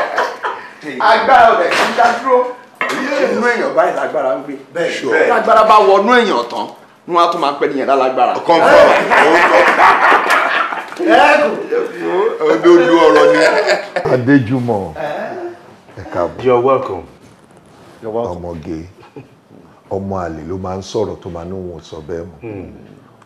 *laughs* agbára ọ̀rẹ́ ti dá dúró inú èèyàn báyìí lágbára ń gbé bẹ́ẹ̀ lágbára bá wọnú èèyàn tán ni wọn á tún máa pẹ́ nìyẹn lálágbára. ọkàn fún ọ ẹbí olú ọ̀rọ̀ ni. Adéjùmọ̀ ẹ káàbọ̀. you are welcome. you are welcome. ọmọge ọmọ àlè ló máa ń sọ̀rọ̀ tó máa ń wọn sọ bẹ́ẹ̀ mọ́ hmm.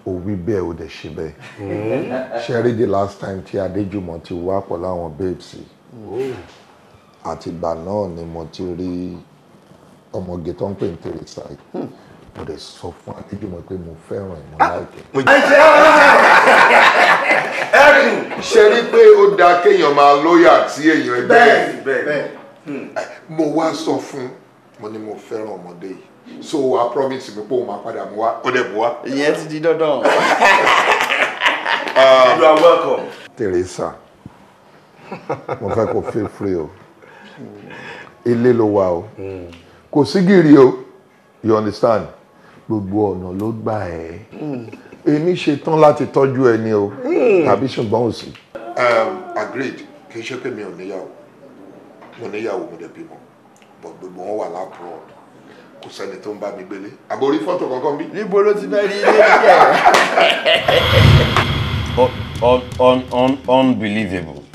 o wí bẹ́ẹ̀ o dẹ̀ ṣe bẹ́ẹ̀ hmm. ṣẹ́rí the last time tí Adéjùmọ̀ ti wá pọ̀ láwọn babes oh. àtìgbà náà ni mo ti rí ọmọge tó ń pè ní Teresa yìí mo dẹ̀ sọ fún Adéjùmọ̀ pé mo fẹ́ràn ẹ̀ mo láìpẹ́. ẹkùn ṣe rí pé ó dáa kéèyàn máa lóyà tí èèyàn ẹgbẹ́ rẹ̀ bẹ́ẹ̀ hmm. mo wá sọ fún mo ní mo fẹ́ràn ọmọdé yìí so wa promise mi pé o máa padà mú wa ó dẹ̀ bú wa. ìyẹn ti di dandan. *laughs* Um, you are welcome. Teresa mo fẹ́ kó feel free o ilé ló wà o. Hmm kò sí gìrì o you understand gbogbo ọ̀nà ló gbà ẹ́ hmm. èmi ṣetán láti tọ́jú ẹ ni o hmm. tàbí ṣùgbọ́n ò sí. Um, agreed kì í ṣe pé mi ò níyàwó mo níyàwó mo dẹ̀ bímọ bọ̀ gbogbo wọn wà lápúrọ̀d kò sẹ́ni tó ń bá mi gbélé àbórí fọ́tò kankan bí. níbo ló ti fẹ́ rí ilé nígbà *laughs* unbelievable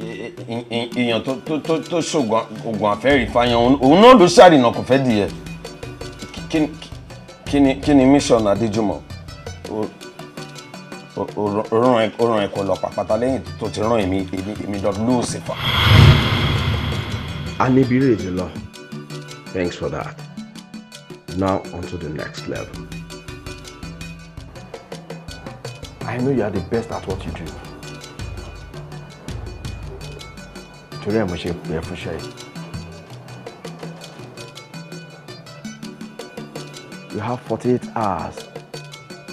èèyàn tó ṣògùn ògùn àfẹ́rí fáyàn òun náà ló ṣàrìnà kò fẹ́ dìyẹ kí ni mission Adéjùmọ̀ ó ràn ẹ̀kọ́ lọ pàpàtà lẹ́yìn tó ti ràn èmi èmi w sí fa. Anibire is a Thanks for that. Now on to the next level. I know you are the best at what you do. You have forty-eight hours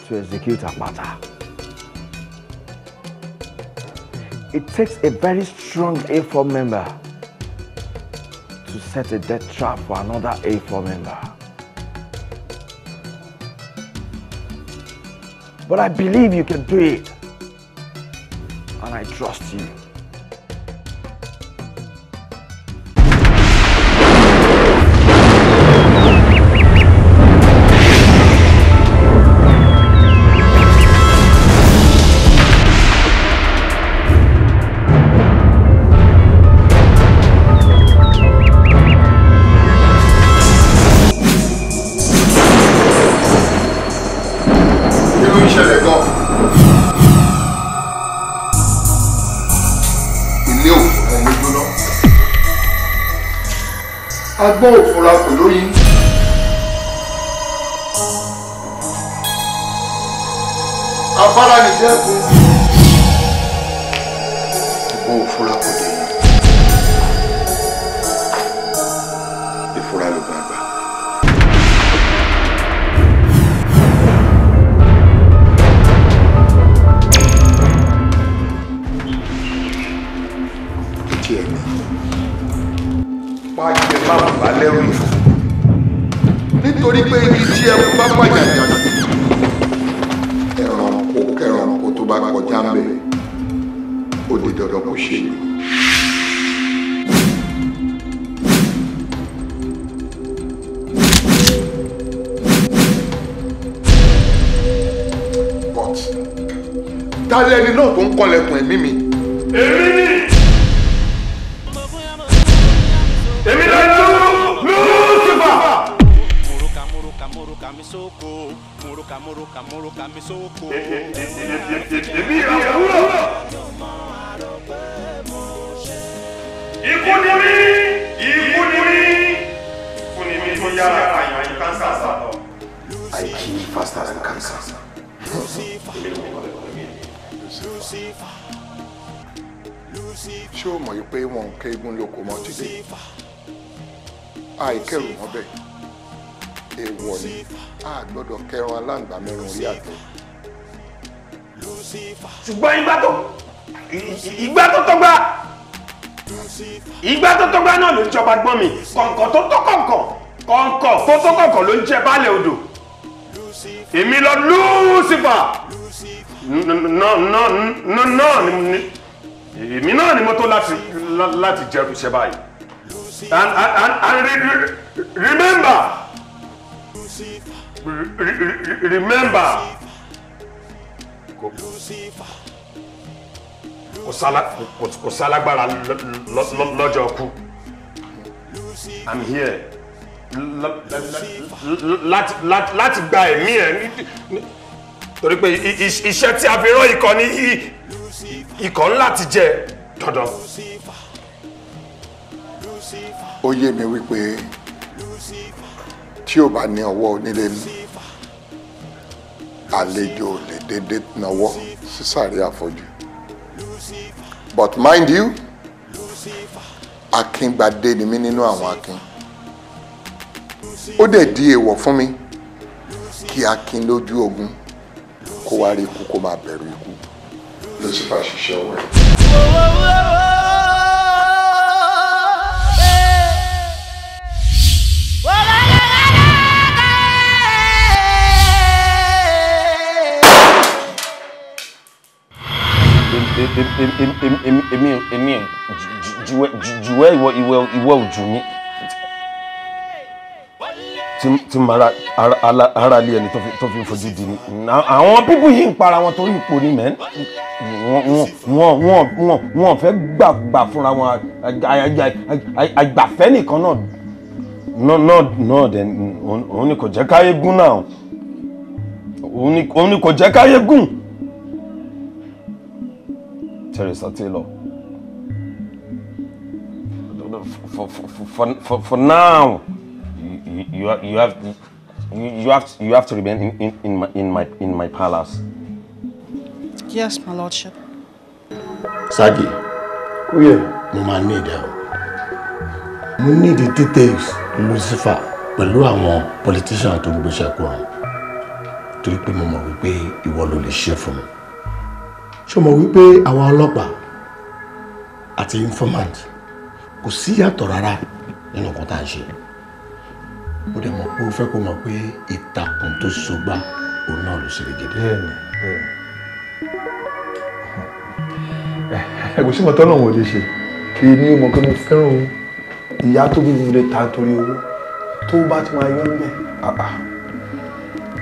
to execute matter. It takes a very strong A4 member to set a death trap for another A4 member. But I believe you can do it. And I trust you. àìkẹrù wọn bẹ èèwọ̀ ni a gbọ́dọ̀ kẹran aláǹgbá mẹ́rin orí àgbẹ̀. ṣùgbọ́n ìgbà tó ìgbà tó tọ́gbà ìgbà tó tọ́gbà náà ló jọba gbọ́n mi kọ̀ǹkọ̀ tó tó kọ̀ǹkọ̀ kọ̀ǹkọ̀ tó tó kọ̀ǹkọ̀ ló ń jẹ baálé odò èmi lọ Lucifer náà ni èmi náà ni mo tó láti jẹrù ṣe báyìí and, and, and, and re, re, remember re, re, remember kò sálágbára lọ́jọ́ i'm here láti gba ẹ̀mí ẹ̀ torí pé iṣẹ́ tí a fi rán ikọ̀ ní ikọ̀ ńlá ti jẹ́ dandan ó yé mi wípé tí ò bá ní ọwọ́ onílé nù àlejò lè dédé náwó sísàrí àfọ́jú but mind you akíngbadé ni mí nínú àwọn akin ó dẹ̀ di èèwọ̀ fún mi kí akin lójú ogun kó wá rí ikú kó máa bẹ̀rù ikú ló ṣiṣẹ́ ọwọ́ èmi èmi jùwẹ́ ìwọ ìwọ ìwọ òjò mi tí mo ara lé ẹni tó fi fojú di ni àwọn pípù yìí ń para wọn torí ipò ni mẹ́n wọn fẹ́ gbàgbà fúnra wọn àgbàfẹ́ nìkan náà náà dẹ̀ òun ni kò jẹ́ káyé gún náà òun ni kò jẹ́ káyé gún. Teresa Taylor. For, for, for, for, for now, you, you, you have to, you have to, you have to remain in, in, in my in my in my palace. Yes, my lordship. Sagi. Oh yeah. Mo need help. Mo need the details. Lucifer But pẹ̀lú àwọn politician tó gbéṣẹ́ kúrò. Torí pé mo mọ̀ wípé ìwọ ló lè ṣe fún mi ṣó mọ̀ wípé àwa ọlọ́pàá àti informant kò sí yàtọ̀ rárá nínú nǹkan tá à ń ṣe ó dẹ̀ mọ̀ pé ó fẹ́ kó mọ̀ pé ìtàkùn tó sọgbà òun náà ló ṣe lè gèdè. ẹ̀gbọ́n sí mọ́tọ́ náà wọ́n lè ṣe kí ni ó mọ̀ pé mo fẹ́ràn ìyá tó bí mi lè ta torí owó tó bá ti máa yọ níbẹ̀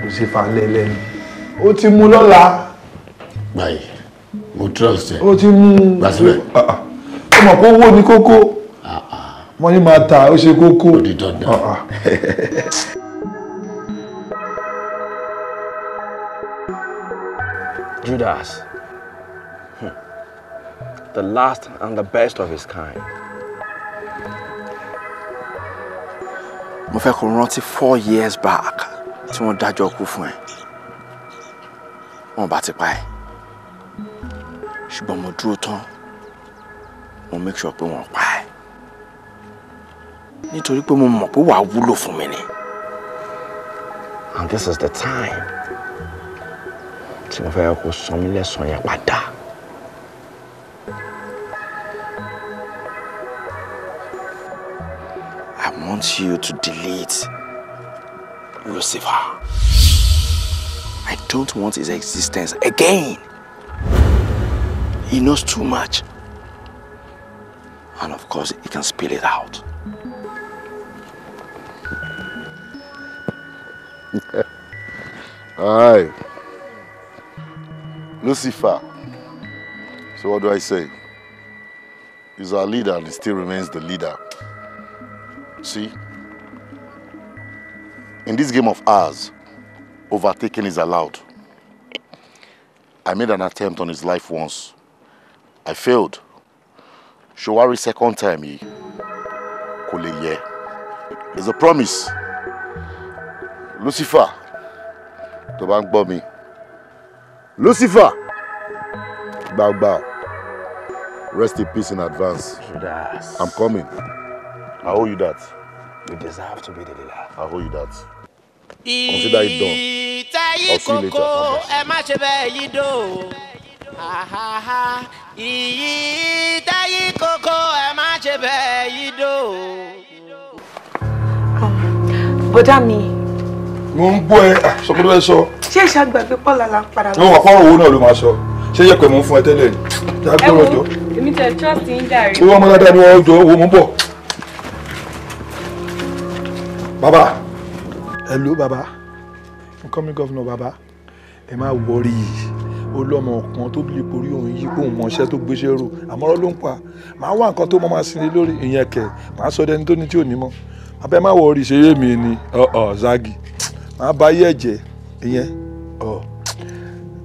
kò sí fa lẹ́lẹ́ni ó ti mú lọ́la. báyìí mo trust ẹ. o ti mú gbàsílẹ̀. ó ah, ah. mọ̀ pé owó ni kókó ah, wọ́n ní máa ta ó ṣe kókó. ó di dandan. *laughs* Judas, hmm. the last and the best of his kind. mo fẹ́ kó rántí four years back tí wọ́n dájọ́ kú fún ẹ wọ́n bá ti pa ẹ́ ṣùgbọ́n mo dúró tán mo make sure pé wọ́n pa ẹ́ nítorí pé mo mọ̀ pé wàá wúlò fún mi ni. and this is the time tí mo fẹ́ kó san mí lẹ́san yẹn padà. I want you to delete Lucifer. I don't want his existence again. He knows too much. And of course, he can spill it out. All right, *laughs* Lucifer. So what do I say? He's our leader and he still remains the leader. See? In this game of ours, overtaking is allowed. I made an attempt on his life once. I failed ṣòwárí second time yìí kò lè yẹ it's a promise Lucifer tó bá ń gbọ́ mi Lucifer gbàgbà rest in peace in advance Judas. I'm coming I owe you that. You deserve to be the leader. I owe you that. Consider it done. I'll see you later. Ẹ má ṣe bẹ́ẹ̀ yí dò ìyí táyí kókó ẹ má ṣe bẹ́ẹ̀ yí dò. Ah, bọ́dá mi. mo ń gbọ́ ẹ ah, sọkúndú ẹ sọ. ṣé ìṣàgbàgbé pọ́lá la ń padà lọ. ìwọ̀n àpárò owó náà ló máa sọ ṣé yẹ pé mo ń fún ẹ tẹ́lẹ̀ ni. ẹ wo èmi tẹ trust yín dàrí. owó ọmọ dáadáa ni wọ́n jọ owó mú bọ̀. bàbá hello bàbá incoming governor bàbá ẹ má wọrí yìí olọ́mọ kan tó lè porí òun yí kó mọ iṣẹ́ tó gbéṣẹ́ rò àmọ́rọ́ ló ń pa màá wá nǹkan tó mọ́ máa sinmi lórí ìyẹn kẹ̀ màá sọ dẹni tó ní tí ò ní mọ́ abẹ́ má wọ orí ìṣeré mi ni ọ̀ọ̀ zagi màá bá yí ẹ̀jẹ̀ ìyẹn ọ̀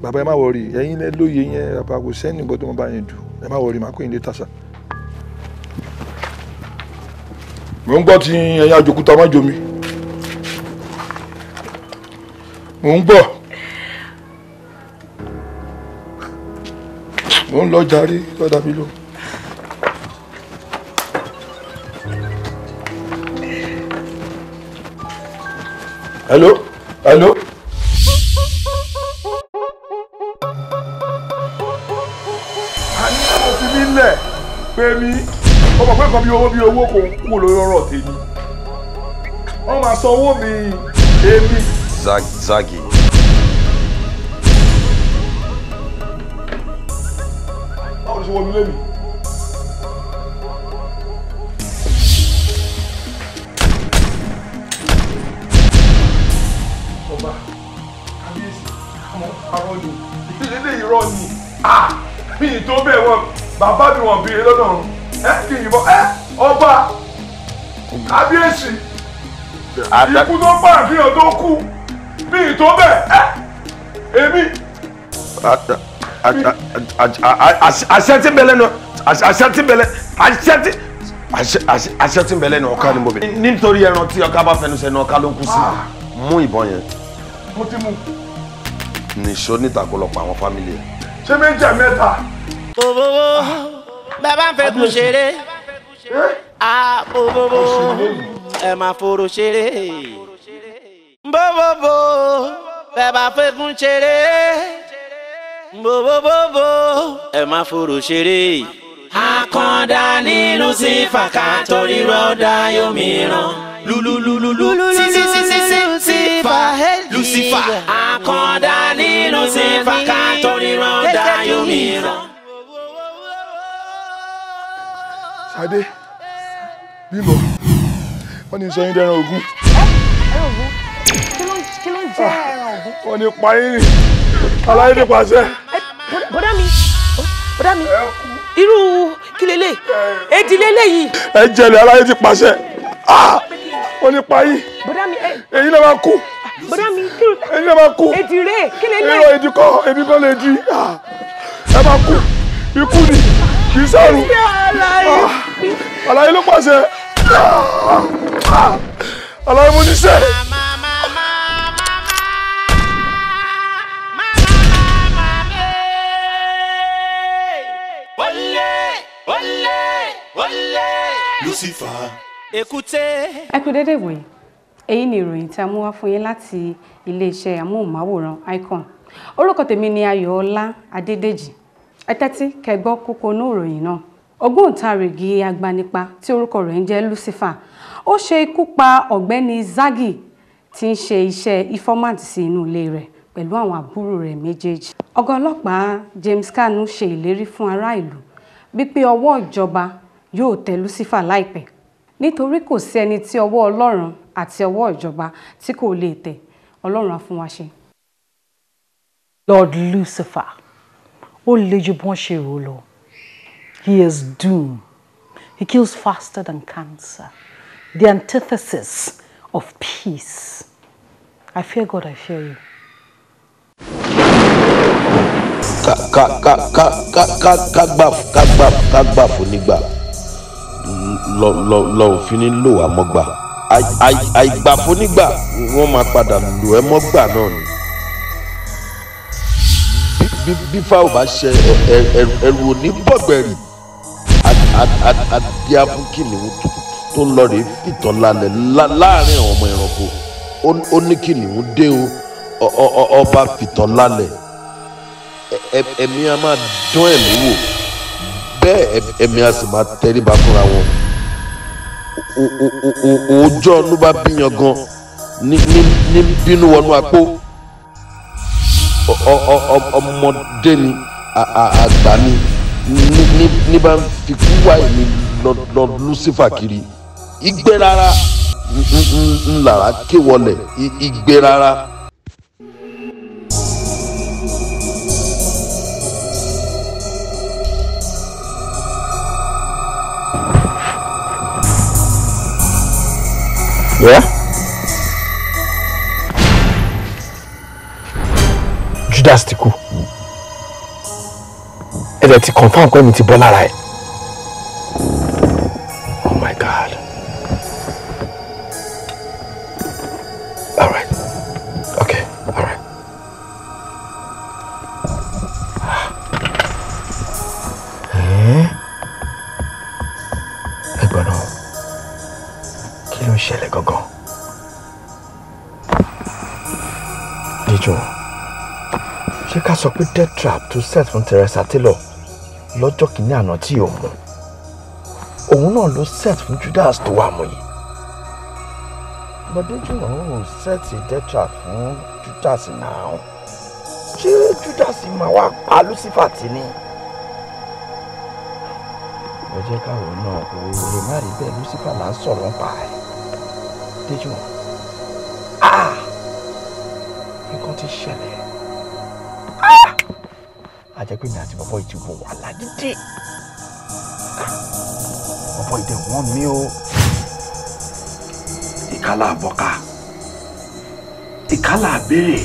bàbá ẹ má wọ orí ẹ̀yin lẹ lóye yẹn bàbá kò sẹ́ni gbọ́dọ̀ mọ́ bá yẹn dù ẹ má wọ orí màá kó yín lé tàṣà. mò ń gbọ́ ti ẹ̀yin àjòkúta má jomi mò ń gbọ́. mo ń lọ jàre lọ́dà mi lò. hello hello. sílẹ̀ pé mi ó mọ̀ pé nǹkan bí owó bí owó kò ń kú lórí ọ̀rọ̀ tèmi wọ́n máa san owó mi èmi. zagzagi wọnú lẹ́nu. ọba kábíyèsí àwọn arọ ni ilé irọ́ ni ah, mi ì tó bẹ́ẹ̀ wọn bàbá mi wọ̀n bèrè lọ́nà ọ̀run ẹ kì í yìnbọn ẹ ọba kábíyèsí ikú tó bá àfihàn tó kú mi ì tó bẹ́ẹ̀ ẹ èmi asɛtebɛlɛ no asɛtebɛlɛ asɛte asɛtebɛlɛ no ɔka ne mo bɛ. ni nítorí yẹn ti ọkà bá fẹ́ nu sẹ́ ní ọkà ló ń kú sí. Ah. mú ìbọn yẹn. mo ti mú. nìṣó níta kó lọ pa àwọn fámìlì ẹ. ṣé méjì mẹ́ta. bòbòbò bàbá ń fẹ́ kú ṣeré bòbòbò eh? ẹ máa fòrò ṣeré bòbòbò bàbá fẹ́ kú ṣeré. Bobobobo ẹ má fòrò ṣeré. Akanda ni Lucifer ká torí rọ́dà yómìíràn. Lululululu Lucifer Lucifer. Akanda ni Lucifer ká torí rọ́dà yómìíràn. Ṣadé bímọ wọn ni sọ yín dẹran ogun. ẹ ẹ ogun kí ló kí ló ń jẹ ẹran ògún. wọn ni parí ni aláyé ní pàṣẹ. bọ́dá mi bọ́dá mi irú kí lélẹ̀ èdè lélẹ̀ yìí. ẹ jẹlẹ aláyé ti pàṣẹ wọn ni parí èyí ló máa kú bọ́dá mi kí ló èyí ló máa kú èdè rè kí lélẹ̀. èrò èdè kọ́ èdè kọ́ lè di ah, ẹ máa kú ikú ni kì í sọ̀rọ̀ ah, aláyé ló pàṣẹ ah, aláyé mo ní sẹ́ẹ̀. Lucifer. Écoutez. Ẹ kú dédé wòye. Èyí ni ìròyìn tí a mú wá fún yín láti iléeṣẹ́ amóhùnmáwòrán Icon. Orúkọ tèmi ni Ayọ̀ọ́lá Adédèjì. Ẹ tẹ́tí kẹgbọ́ kókó inú ìròyìn náà. Ògbóǹtarìgì agbanipa tí orúkọ rẹ̀ ń jẹ́ Lucifer. Ó ṣe ikú pa ọ̀gbẹ́ni Zagi tí ń ṣe iṣẹ́ informant sí inú ilé rẹ̀ pẹ̀lú àwọn àbúrò rẹ̀ méjèèjì. Ọ̀gá ọlọ́pàá James Kanu ṣe ìlérí fún ará ìlú wípé ọwọ́ ìjọba yóò tẹ Lucifer láìpẹ́ nítorí kò sí ẹni tí ọwọ́ Ọlọ́run àti ọwọ́ ìjọba tí kò lè tẹ̀ Ọlọ́run á fún wa ṣe. Lord Lucifer ó le ju bọ́n ṣe rò lọ he is doom he kills faster than cancer the antithesis of peace I fear God I fear you. ká ká ká ká ká ká gbà ká gbà fún nígbà lọ òfin ní lò wá mọ́gbà àìgbàfonígbà wọ́n máa padà lò ẹ́ mọ́gbà náà ni bífá ò bá ṣe ẹrù òní bọ̀gbẹ̀rì adíábù kìnìún tó lọ rèé fìtàn lálẹ́ láàrin àwọn ọmọ ẹranko ó ní kìnìún dé o ọba fìtàn lálẹ́ ẹ̀mí a máa dán ẹ̀mí wò bẹ́ẹ̀ ẹ̀mí a sì máa tẹríba fúnra wọn òòjọ́ ọ̀nù bá bíyan gan ní bínú wọnú apó ọmọdé ni àgbà ni ní bá ń fi kúwà èmi lọ Lucifer kiri ìgbé rárá ńlára kéwọlẹ̀ ìgbé rárá. Yeah? Judas ti kú. Ẹ dẹ̀ ti confam pé mi ti bọ́ lára ẹ̀. sọ pé death trap to set fún Teresa Taylor lọ́jọ́ kìíní àná tí ò mú òun náà ló set fún Judas tó wà mú yìí bọ́dẹ́jú náà ò set death trap fún Judas náà ṣé Judas máa wá pa Lucifer tì ní ẹ jẹ́ káwọn náà kò má rí bẹ́ẹ̀ Lucifer là ń sọ̀rọ̀ ń pa ẹ̀ déjú ah! nǹkan ti ṣẹlẹ̀ àjẹpẹ́ mi àti bàbá ìtì wọ wàhálà dídí bàbá ìdè wọ́n mi o ìkálà àbọ́ká ìkálà àbẹ̀rẹ̀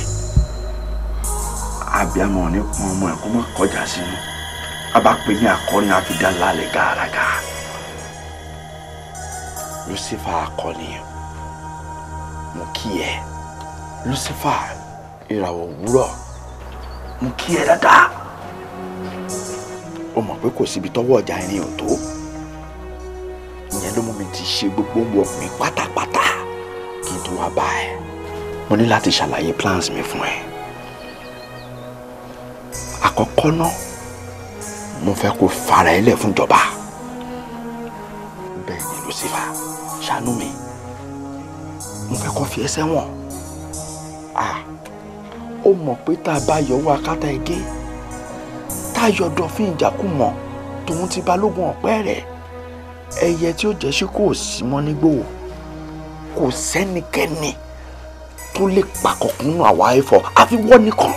àbíàmọ̀ ní pọn ọmọ ẹ̀kọ́ mọ́ kọjá sínú abápẹ́ ní akọni àfidá lálẹ́ gàràgà Lucifer akọni mo kí ẹ Lucifer ìràwọ̀ òwúrọ̀ mo kí ẹ dáadáa pé kò síbi tọ́wọ́ ọjà irin ò tó ìyẹn ló mú mi ti ṣe gbogbo ń wọ mi pátápátá kí n tó wá bá ẹ mo ní láti ṣàlàyé plans mi fún ẹ àkọ́kọ́ náà mo fẹ́ kó fara ẹ lẹ̀ fún ìjọba bẹ́ẹ̀ ni Lucifer ṣàánú mi mo fẹ́ kó fi ẹsẹ̀ wọ̀n ah ó mọ̀ pé tá a bá yọ wá kátà ẹgẹ́ táyọ̀ dọ̀fin ìjàkùmọ̀ tòun ti balógun ọ̀pẹ́ rẹ̀ ẹyẹ tí ó jẹ́ sí kò sí mọ́ nígbò kò sẹ́nikẹ́ni tó lè pakọ̀kún nù àwa ẹ̀fọ́ àfi wọ́n nìkan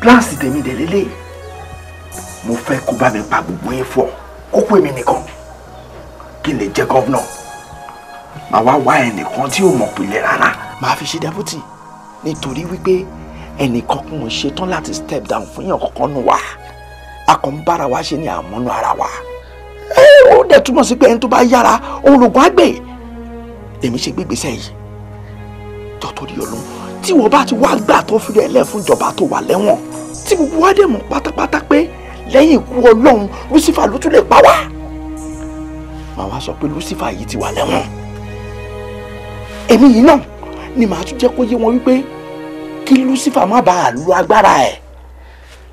gíláàsì tèmi dẹ̀ lélẹ̀ mo fẹ́ kó bá mi pa gbogbo ẹ̀fọ́ kókó èmi nìkan kí n lè jẹ́ gọ́vnà màá wá wá ẹnìkan tí ò mọ̀ pìlẹ̀ rárá màá fi ṣe dẹ́pútì nítorí wípé ẹnìkan kò ṣetán láti step down fún yàn kankan nù wá a kàn ń bára wa ṣe ní àmọ́nú ara wa ó dẹ̀ túmọ̀ sí pé ẹni tó bá yára òun lògùn àgbè èmi ṣe gbégbèsè yìí jọ̀tòrí ọlọ́run tí wọ́n bá ti wá gbà tó fi rẹ̀ lẹ̀ fún ìjọba tó wà lẹ́wọ̀n tí gbogbo wa dẹ̀ mọ̀ pátápátá pé lẹ́yìn ikú ọlọ́run lucifer ló tún lè pa wá màá wá sọ pé lucifer yìí ti wà lẹ́wọ̀n èmi yìí náà ni màá tún jẹ́ kó yé wọn wípé kí lucifer má bàa lu agbára ẹ̀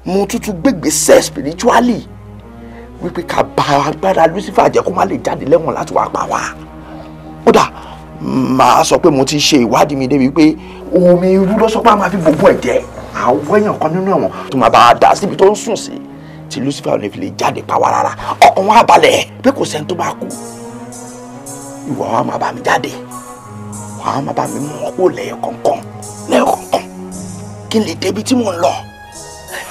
mo tútù gbégbèsè spiritually wípé ká ba agbára Lucifer jẹ́ kó má lè jáde lẹ́wọ̀n láti wá pa wá kódà màá sọ pé mo ti ṣe ìwádìí mi débi pé omi irú sọ pé a máa fi gbogbo ẹ̀ jẹ́ àwọn èèyàn kan nínú ẹ̀wọ̀n tó máa bá a dà síbi tó ń sùn sí tí Lucifer ò ní fi lè jáde pa wá rárá ọkàn wọn á balẹ̀ pé kò sẹ́ni tó bá kú ìwà wa máa bá mi jáde wàá máa bá mi mú ọkọ lẹ́yìn kọ̀ọ̀kan lẹ́yìn kọ̀ọ̀kan kí n lè débi tí mò ń lọ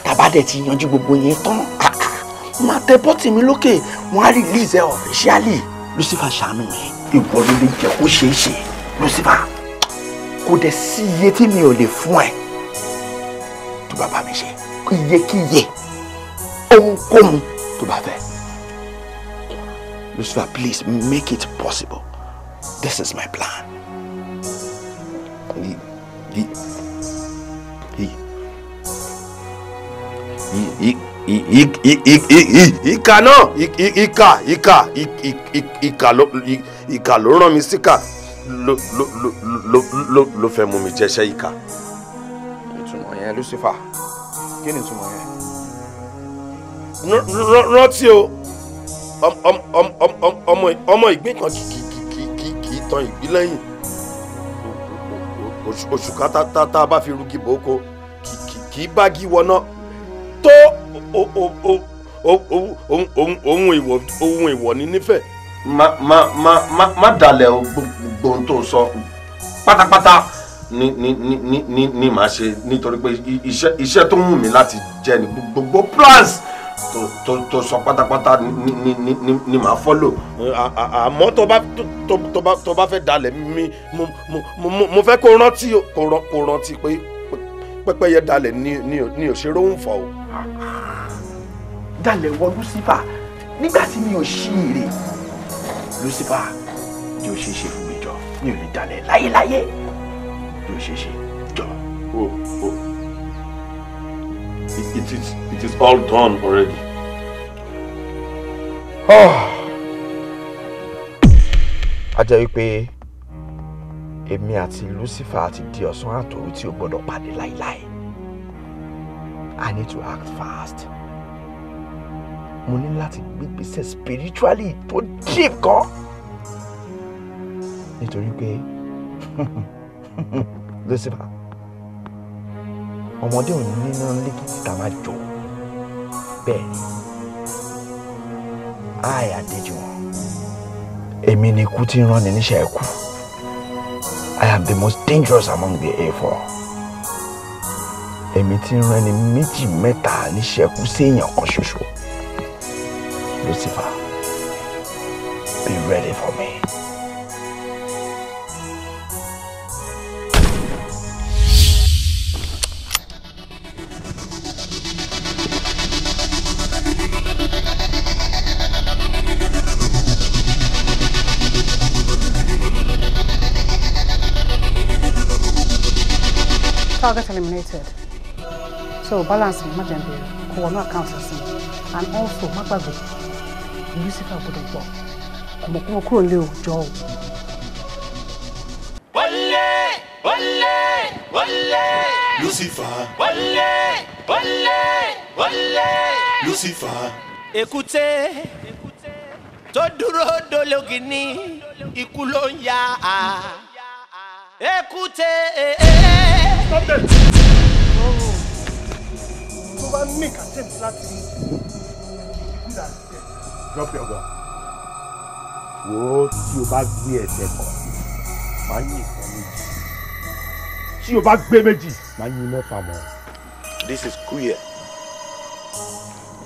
tàbá dẹ̀ ti yanjú gbogbo yẹn tán ah, ah. máa tẹ bọ́tì mi lókè wọ́n á release ẹ officially Lucifer ṣàánú mi ìwọ ló lè jẹ́ kó ṣeé ṣe Lucifer kò dẹ̀ sí iye tí mi ò lè fún ẹ tó bá bá mi ṣe iyekíye ohunkóhun tó bá fẹ́ Lucifer please make it possible this is my plan. The, the, ìkà náà ìkà ìkà ìkà ìkà ló rán mi síkà ló fẹ́ mú mi jẹ́ṣẹ́ ìkà. ìtumọ̀ yẹn Lucifer kí ni ìtumọ̀ yẹn. rántí o ọmọ ìgbín kan kì í tan ìgbín lẹ́yìn òṣùká tá a bá fi rúgì bò ó ko kì í bá gí wọná tó ohun ìwọ ni nífẹ̀ẹ́. má má má má má dalẹ̀ o gbogbo ohun tó sọ pátápátá ni ni ni ni ni màá ṣe nítorí pé iṣẹ́ iṣẹ́ tó ń wù mí láti jẹ́ ni gbogbo plans tó tó tó sọ pátápátá ni ni ni ni màá fọ́lò. àmọ́ tó bá tó bá tó bá fẹ́ dalẹ̀ mi mo mo mo fẹ́ kó rántí kó rántí pé pẹ́pẹ́yẹ dalẹ̀ ni ni òṣèré ń fọ o dalẹ̀ wọ Lucifer nígbà tí mi ò ṣí ire Lucifer yóò ṣe é ṣe fún mi jọ mi ò lè dalẹ̀ láyéláyé yóò ṣe é ṣe jọ. Oh, oh. It, is it is all done already. Ah. a jẹ́ wípé èmi àti Lucifer ti di ọ̀sán àtòru tí o gbọ́dọ̀ pàdé láéláé. I need to act fast. Mo ní láti gbé gbèsè spiritually tó deep gan. Nítorí pé *laughs* Lucifer ọmọdé ò ní nínú lẹ́kì tá a máa jọ bẹ́ẹ̀ ni àì Adéjùwọ̀n èmi ni ikú tí ń rán ni níṣẹ́ ikú I am the most dangerous among the A4. èmi ti rán ẹni méjì mẹ́ta níṣẹ́ kú kan ṣoṣo Lucifer be ready for me. so balance mi má jẹ́ bẹ̀rẹ̀ kó wọnú account sí mi and also má gbàgbé lucifer gbọdọ̀ gbọ́ ọmọkùnrin kúrò lé òòjọ́ o. wọlé wọlé wọlé lucifer wọlé wọlé wọlé lucifer. èkúté tó dúró dológi ní ikú ló ń yá a. èkúté. Eh, eh, eh. stop that tó bá make attempt láti mú ìdí drop your gun. wo you back bá gbé ẹsẹ̀ money. máa yìn ìkan méjì tí o bá gbé méjì máa this is queer.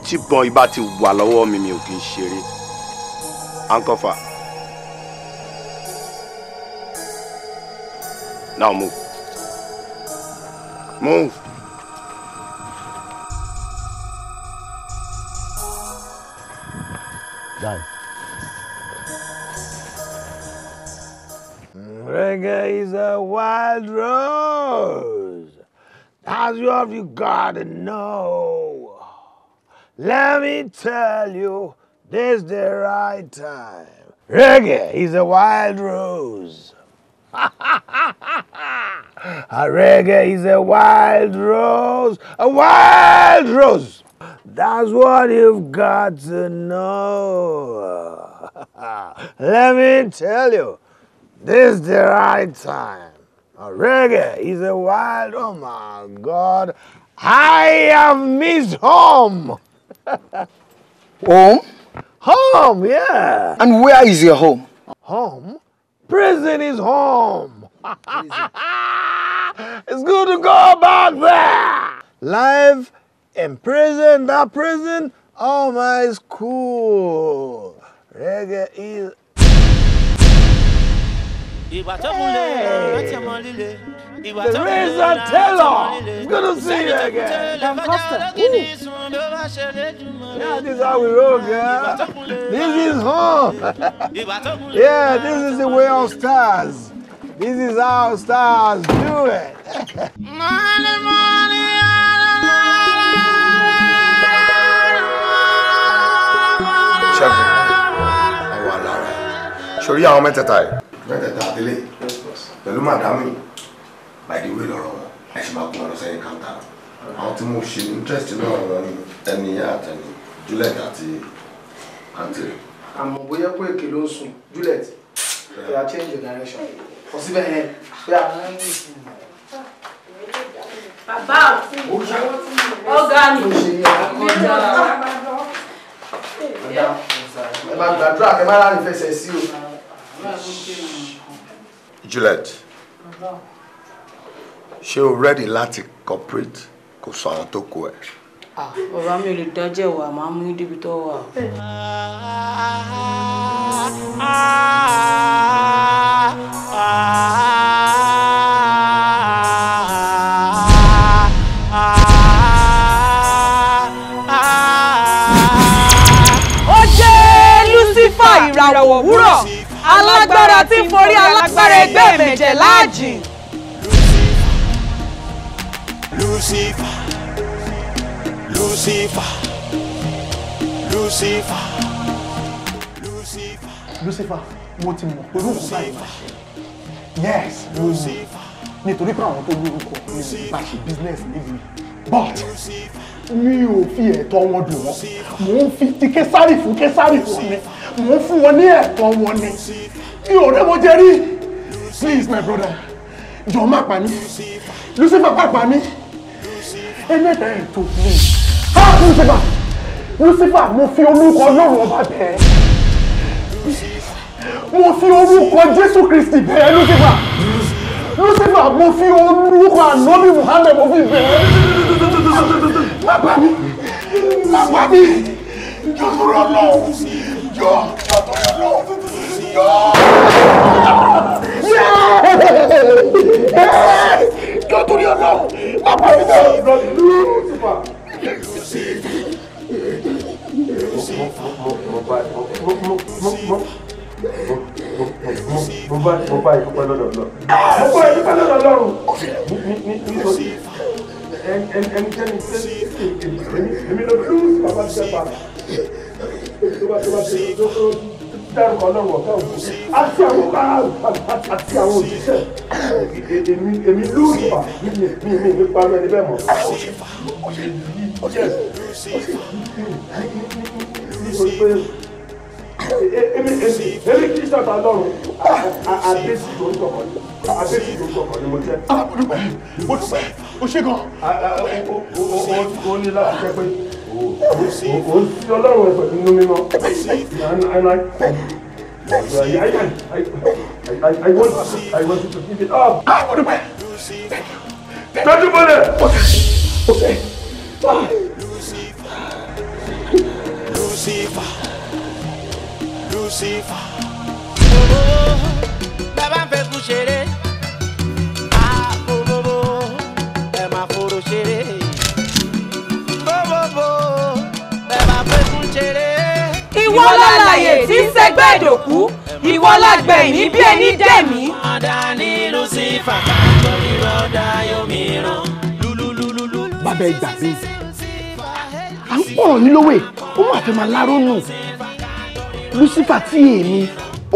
tí boy, ibà ti wà lọ́wọ́ mi mi ò kì í ṣeré. ankofa. now move. move. Reggae is a wild rose, as you have you gotta know. Let me tell you, this the right time. Reggae is a wild rose. *laughs* a reggae is a wild rose, a wild rose. That's what you've got to know. *laughs* Let me tell you, this is the right time. Reggae is a wild, oh my God. I have missed home. *laughs* home? Home, yeah. And where is your home? Home? Prison is home. *laughs* it's good to go back there. Live. In prison, the prison, all oh my school. Reggae is. Hey. The reason Taylor, it's good to see you again. Damn Costa. Yeah, this is how we roll, girl. This is home. yeah, this is the way of stars. This is how stars do it. sórí àwọn mẹ́tẹ̀ẹ̀ta yìí. mẹ́tẹ̀ẹ̀ta àtẹlé pẹ̀lú màdámì bàdíwé lọ́rọ̀ wọn ẹ ṣe máa kún wọn lọ sẹ́yìn káńtà àwọn tí mo ṣe interest náà wọn ni ẹni àtẹni Juliet àti àǹtí. àmọ́ bóyá pé èké ló ń sùn Juliet they are change your direction kò síbẹ̀ yẹn pé àwọn ẹni ń sùn. bàbá ọ̀gá mi ọ̀gá mi ẹ máa gbàdúrà kẹ máa rárá ìfẹsẹ̀ sí o. Juliet ṣé o ready láti cooperate kò sọ àwọn tó kù ẹ. Ah, bàbá mi ò lè dájẹ́ wà máa mú débi tó wà. ó jẹ́ Lucifer ìràwọ̀ òwúrọ̀ agbára tí ń forí alágbára ẹgbẹ́ ẹ̀mẹ̀jẹ̀ láàjìn. Lucifer Lucifer Lucifer Lucifer Lucifer mo ti mọ̀ pé lóòótọ́ báyìí máa ṣe yes Lucifer nítorí pé àwọn tó lórúkọ nípa ṣe business níbi but mi ò fi ẹ̀tọ́ wọn dùn wọ́n mò ń fi ti késàrì fún késàrì fún mi mò ń fún wọn ní ẹ̀tọ́ wọn ni mi ò rẹ́wọ̀n jẹ rí please my brother jọ̀ọ́ má pa mí Lucifer má pa mí ẹ mẹ́ta ẹ̀ tó mi ha Lucifer Lucifer mo fi orúkọ Ọlọ́run ọba bẹ́ẹ̀ mo fi orúkọ Jésù Kristi bẹ́ẹ̀ Lucifer Lucifer mo fi orúkọ ànábì Muhammed mo fi bẹ́ẹ̀ má pa mí má pa mí jọ̀ọ́ tó rọ̀ lọ́wọ́ jọ̀ọ́ tó rọ̀ lọ́wọ́ jọ torí ọ̀nà bàbá mi náà. mo bá mo bá ìdúpẹ́ lọ́dọ̀ lọ. mo bá ìdúpẹ́ lọ́dọ̀ lọ́rùn. nítorí ẹnikẹ́ni tẹ́lẹ̀ èmi lọ́dún bàbá ti sẹ́pa. tó bá tó bá ti lọ́dún dárúkọ lọ́wọ́ ọ̀gá òkú àti àwọn àti àwọn òṣìṣẹ́ èmi èmi lórí ìfà mi mi mi mi parọ́ bẹ́ẹ̀ mọ̀ nítorí pé èmi èmi èmi kì í ṣàtà lọ́rùn àdéṣì tó ń tọkọ ni àdéṣì tó ń tọkọ ni mo jẹ́. Ah, mo dúpẹ́ mo ṣe gan. o ní láti jẹ́ pé o sí ọlọ́run ẹ̀fẹ̀ nínú mímọ́ and I I I I I I want I want you to give it up. ah wọ́n dúpẹ́ tọ́jú bọ́lẹ̀. okay okay. Lucifer Lucifer. bàbá ń fẹ́ kú ṣeré. ah bòbòbò oh, oh, oh. ẹ̀ máa fòrò ṣeré. ìwọ lálàyè tí ń sẹgbẹ́ ìdòkú ìwọ lágbẹ̀yìn ní bí ẹni dẹ̀mí. ọ̀dà ní lucifer kàjọ ìrọ̀dà yomíràn. bàbá ẹ gbà mí à ń pọ̀rọ̀ ní lówè ó mà fẹ́ máa láró nù lucifer tí èmi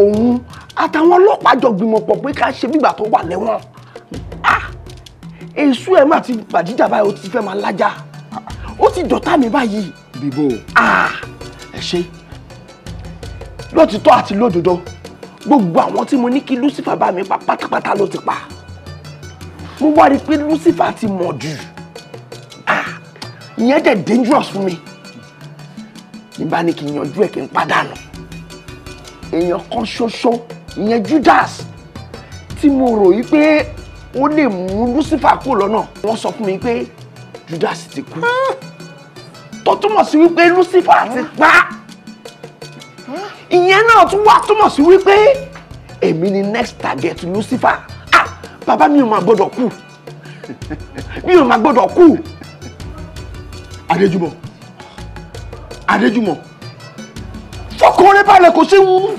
òun àtàwọn ọlọ́pàá jọ gbìmọ̀ pé ká ṣe bígbà tó wà lẹ́wọ̀n èṣù ẹ̀ má ti bàjíjà báyìí ó ti fẹ́ máa lájà ó ti dọ̀tá mi báyìí. bíbó ẹ ṣe lótìtọ́ àti lódodo gbogbo àwọn tí mo ní kí Lucifer bá mi pa pátápátá ló ti pa mo wá rí i pé Lucifer ti mọ̀ jù ah, ìyẹn dẹ̀ dangerous fún mi ní bá ní kí n yanjú ẹ̀ kí n pàdánù èèyàn kan ṣoṣo ìyẹn Judas tí mo rò yí pé ó lè mú Lucifer kú lọ́nà wọ́n sọ fún mi pé Judas ti kú ah! tó túmọ̀ sí wípé Lucifer ti pa ìyẹn náà tún wá túmọ̀ sí wípé èmi ni next target Lucifer ah bàbá mi ò máa gbọ́dọ̀ kú mi ò máa gbọ́dọ̀ kú. Adéjùmọ̀ Adéjùmọ̀ fọkànrẹ́ balẹ̀ kò sí wú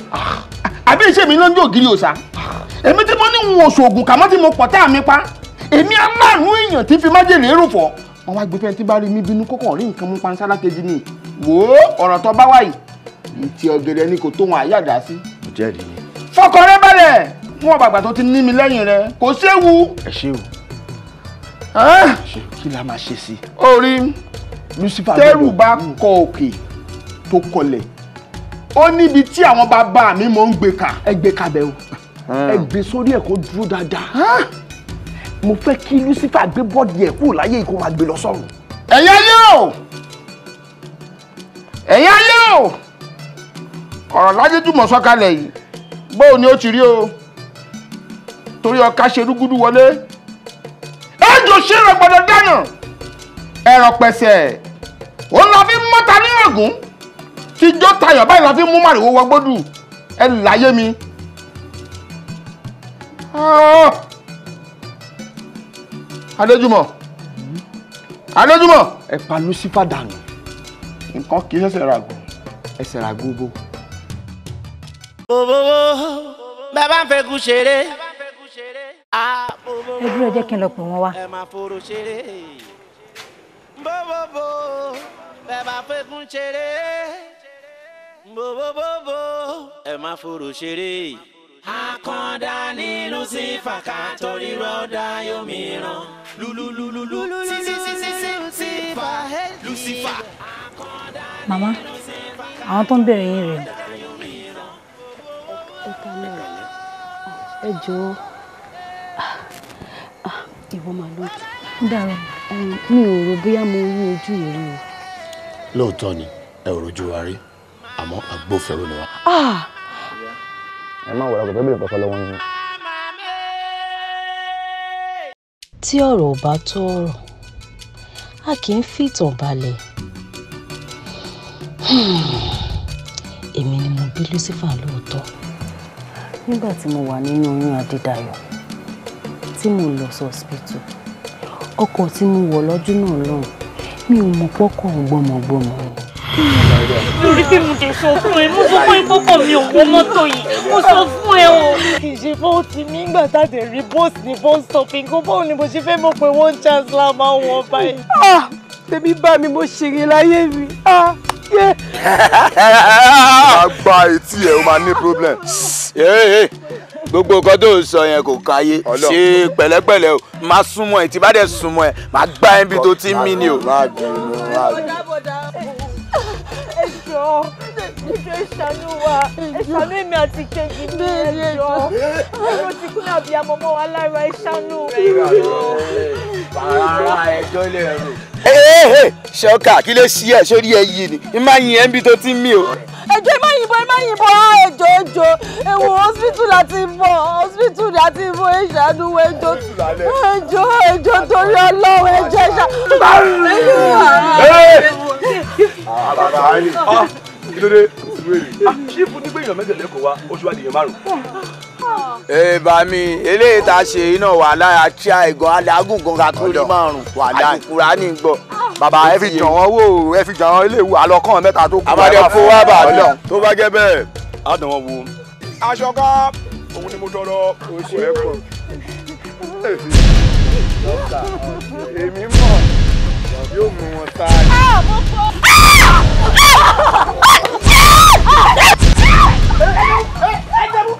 àbí iṣẹ́ mi ló ń jó ògiri òòsà èmi tí mo ní ń wọ̀ṣọ̀ ògùn kàmọ́ tí mo pọ̀ tá mi pa èmi aláàánú èèyàn tí fi májèlé rò fọ́ wọn wá gbé fẹ́ẹ́ tí bá rí mi bínú kókàn rí nǹkan mú pansálà kejì ni wò ó ọ̀rọ̀ tó bá wáyìí ìtì ọ̀gẹ̀dẹ̀ ni kò tó wọn àyàdá sí. mo jẹ́rìí ni. fọkàn rẹ balẹ̀ wọn bàgbà tó ti ní mi lẹ́yìn rẹ kò séwu. ẹ ṣé o kí la máa ṣe sí i. orí tẹ́rù bá kọ òkè tó kọlẹ̀ ó níbi tí àwọn bàbá mi mò ń ka. ẹ gbé ka bẹ́ẹ̀ o ẹ gbé sórí ẹ̀ kó dúró dáadáa mo fẹ́ kí Lucifer gbé bọ́ọ̀dì ẹ̀ kúrò láyé kó máa gbé lọ sọ́run. ẹ̀yin ayé o ẹ̀yin ayé o ọ̀rọ̀ láti túmọ̀ sọ́kalẹ̀ yìí bóò ni ó ti rí o torí ọ̀ka ṣe rúgúdú wọlé ejò ṣẹlẹ̀ gbọ́dọ̀ dáná ẹ̀rọ pẹ̀sẹ̀ òun la fi mọ́ta ní ọ̀gùn tíjọ́ tayọ̀ báyìí la fi mú màrìwò wọgbódù ẹ láyé mi. Ah! Adéjùmọ̀ Adéjùmọ̀. ẹ panu sífàdànù. nǹkan kì í ṣẹ̀ṣẹ̀ ràgùn. ẹsẹ̀ ràgùn bó bòbòbò bàbá ń fẹ́ kú ṣeré. ẹ dúró jẹ́ kí n lọ pè wọ́n wá. ẹ máa fòrò ṣeré bòbòbò bàbá fẹ́ kú ṣeré bòbòbò ẹ máa fòrò ṣeré. Akanda ni Lucifer ká torí rọ́dà àwọn tó ń bèrè yín rèé ẹ jọ̀ọ́ ìwọ máa ló jù dára mi ò rò bóyá mo rí ojú yìí rí o. lóòótọ́ ni ẹ ò rojú wa rí àmọ́ agbófinró ni wa. Ah! ẹ má wọ̀rọ̀ kò tó bèrè kankan lọ́wọ́ yín. tí ọ̀rọ̀ ò bá tó ọ̀rọ̀ a kì í fìtàn balẹ̀ hmm. èmi ni mo bí Lucifer lóòótọ́ nígbà tí mo wà nínú oyún Adédayọ̀ tí mo lọ sí hospital ọkọ̀ tí mo wọ̀ lọ́jọ́ náà lọ́hùn mi ò mọ̀ pọ́kọ̀ gbọmọgbọmọ lórí pé mo dé sọ fún ẹ mo sọ fún ẹ kọ́kọ́ mi ò wọ mọ́tò yìí mo sọ fún ẹ o. kì í ṣe fóun ti mí ńgbà táde rí bóòsì ní bóòsì stopping kó bóun ni mo ṣe fẹ́ mọ̀ pé one chance la máa wọ̀ báyìí. Ah, tèmi bá mi mo ṣèrè láyé mi. Ah jẹ́. àgbà etí ẹ̀ o máa ní problem. gbogbo nǹkan tó ń sọ yẹn kò káyé ṣe pẹ̀lẹ́pẹ̀lẹ́ o máa súnmọ́ ẹ̀ tí bá dẹ̀ súnmọ́ ẹ̀ máa gbá ẹ̀ bí tó ti mí ni o. ẹjọ́ èmi àti kejì mi ẹjọ́ ẹjọ́ ti kún àbí amọ́mọ́ wa lára ìṣàánú rẹ̀. bàrà ẹjọ́ lè rò ṣọkà kí ló ṣí ẹ sórí ẹ yìí ni ẹ má yin ẹ ń bi tó ti ń mí o. ẹjọ ẹ má yìnbọn ẹ má yìnbọn á ah, ẹjọ ẹjọ ẹwọ hospital àti ìbọn hospital àti ìbọn ìṣàánú ẹjọ ẹjọ ẹjọ torí Ọlọ́run ẹjọ ẹṣà. àbàbà ah, àìní kí ló dé ìwé rè é ṣífù nígbà èèyàn mẹ́tẹ̀ẹ̀lẹ́kọ̀ọ́ wa oṣù àdìyẹ márùn-ún ẹ bá mi eléyìí tá a ṣe iná wà lára tí a ìgàn alágùn gan ka tó rí márùn wà láì kúrá ní gbọ. bàbá ẹ fi jàn wọn wò ẹ fi jàn wọn ilé ìwò àlọkàn mẹ́ta tó kú. àbájọ fún wa bàbá tó bá jẹ́ bẹ́ẹ̀ á dàn wọn wò. aṣọ ká òun ni mo tọrọ oṣù ẹ èmi mọ̀ yóò mú wọn sáájú.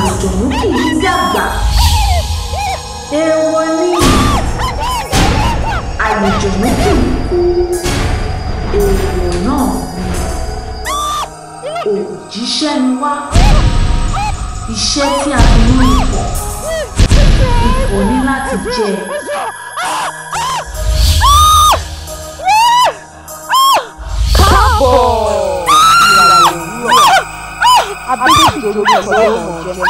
àlùjọ̀nú kì í dàgbà. Èèwọ̀ ni àlùjọ̀nú kì í kú. Èèwọ̀ náà ni òjíṣẹ́ ni wá. Iṣẹ́ tí a fi ní ipò. Ipò ní láti jẹ. Káàbọ̀ abéjòjò ní ọ̀pọ̀lọpọ̀ jẹ.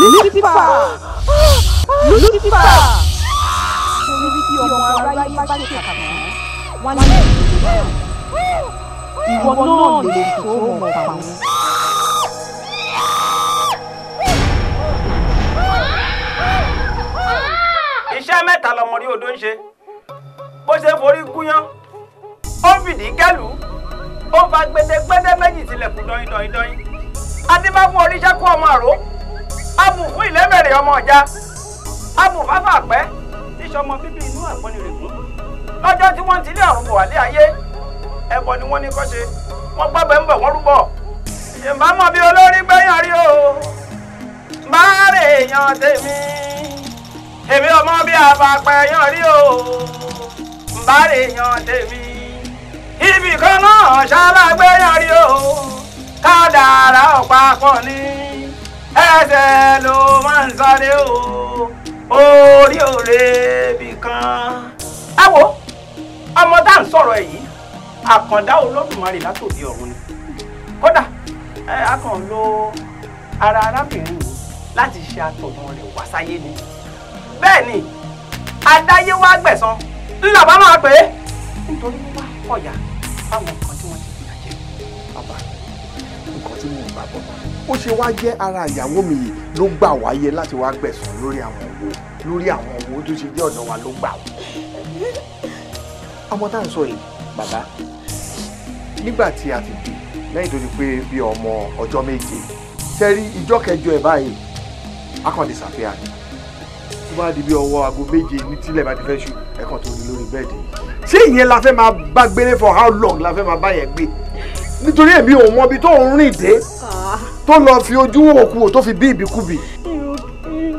Lucifer! Lucifer! Torí bí bí ọmọ aráyé bá ṣe kàkàmọ́, wọ́n lé ìwọ náà lè tó mọ̀ pàmò. iṣẹ́ mẹ́ta lọmọ odó ń ṣe bó ṣe forí gúnyán ó fìdí kẹ́lùú ó fa gbẹdẹgbẹdẹ méjì tilẹ̀kùn dọ́yìn dọ́yìn dọ́yìn adébáfún oríṣẹ́ kú ọmọ àró abùfú ìlẹ́mẹ̀rẹ̀ ọmọ ọ̀já abùfáfà pẹ́ tíṣọ ọmọ bíbí inú àpọ́nì rẹ̀ gún lọ́jọ́ tí wọ́n ti lé àrùn bọ̀ wálé ayé ẹbọ ni wọ́n ní kọ́ ṣe wọ́n gbàgbẹ́ ń bọ̀ wọ́n rúbọ̀ ìbámu bíi olórí gbẹ̀yàn rí o báàrè tèmi èmi ọmọ bíi Ibi kan náà ṣalágbéyàn rí o kádàrá ọ̀pápọ̀ ní ẹsẹ̀ ló máa ń sáré o orí ò lè bì kan. ẹ wo ọmọ tá à ń sọ̀rọ̀ ẹ̀ yìí àkàndá olódùmarè látòdì ọ̀run ni kódà a kàn lo ara arábìnrin yìí láti ṣe àtọ̀gbọ̀n rẹ̀ wá sáyé ni bẹ́ẹ̀ ni adáyéwá gbẹ̀san ńlá bá máa pè é nítorí wíwá kọ̀yà fáwọn nǹkan tí wọ́n ti fìyà jẹ. bàbá nǹkan tí mò ń bá bọ̀ ó ṣe wá jẹ́ ara ìyàwó mi yìí ló gbà wáyé láti wá gbẹ̀sán lórí àwọn owó lórí àwọn owó tó ṣe jẹ́ ọ̀dọ̀ wa ló gbà wọ́n. ọmọ tá sọ yìí bàbá nígbà tí a ti dé lẹ́yìn tó ti pé bí ọmọ ọjọ́ méje tẹ́rí ìjọ́ kẹjọ ẹ̀ báyìí akọ̀dé ṣàfihàn bá di bí ọwọ́ aago méje ní tílẹ̀ bá ti fẹ́ ṣú ẹ̀kan tó ní lórí bẹ́ẹ̀dì ṣé ìyẹn la fẹ́ máa bá gbélé for how long la fẹ́ máa bá yẹn gbé nítorí èmi ò mọ ibi tó ń rìn dé tó lọ fi ojú òkú tó fi bí ìbíkúbi.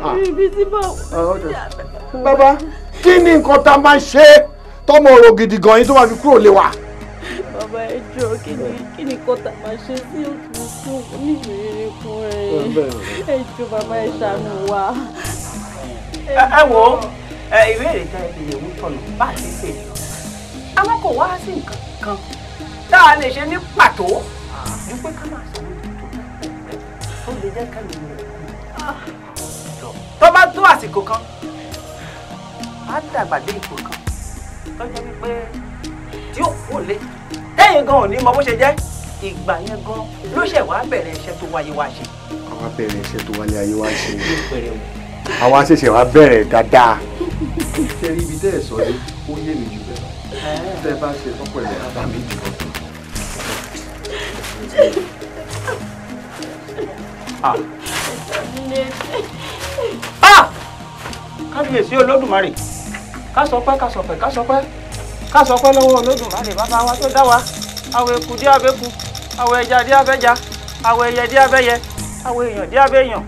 Ah. Ah. ibi tí bá. Ah, bàbá kí ni nǹkan tá a máa ṣe tọmọ ọ̀rọ̀ gidi gan yín tó máa fi kúrò lé wa. bàbá ẹ kí ni kí ni nǹkan tá a máa ṣe sí òkú tó níṣòro kún rẹ ẹ jọ bàbá ẹ ṣàánú wa ẹ wò ó ìbéèrè tẹ ìbéèrè wú tọ̀nà bá a ti pè é àwọn kò wá sí nǹkan kan tá a lè ṣe ní pàtó ju pé ká máa ṣàmójútó tó lè jẹ́ ká lè lò tó bá tó àsìkò kan á dàgbà dé ipò kan tó jẹ́ wípé tí ó kú lé tẹ́yìn gan ò ní mọ bó ṣe jẹ́ ìgbà yẹn gan ló ṣẹ̀ wá bẹ̀rẹ̀ iṣẹ́ tó wáyé wá ṣe. àwa bẹ̀rẹ̀ iṣẹ́ tó wáyé wá ṣe àwọn àṣẹṣẹ wa bẹ̀rẹ̀ dáadáa. ṣe rí ibi tẹ́ ẹ̀ sọ yìí ó yé mi jù bẹ́ẹ̀ lọ tẹ́ ẹ bá ṣe tọ́pọ̀ ẹ̀ bá mi jù lọ. Ah. Ah! kábíyèsí olódùmarè ká sọpẹ́ ká sọpẹ́ ká sọpẹ́ ká sọpẹ́ lọ́wọ́ olódùmarè bàbá wa tó dá wa àwọn èkú dé abẹ́kú àwọn ẹja dé abẹ́ja àwọn ẹyẹ dé abẹ́yẹ àwọn èèyàn dé abẹ́yàn.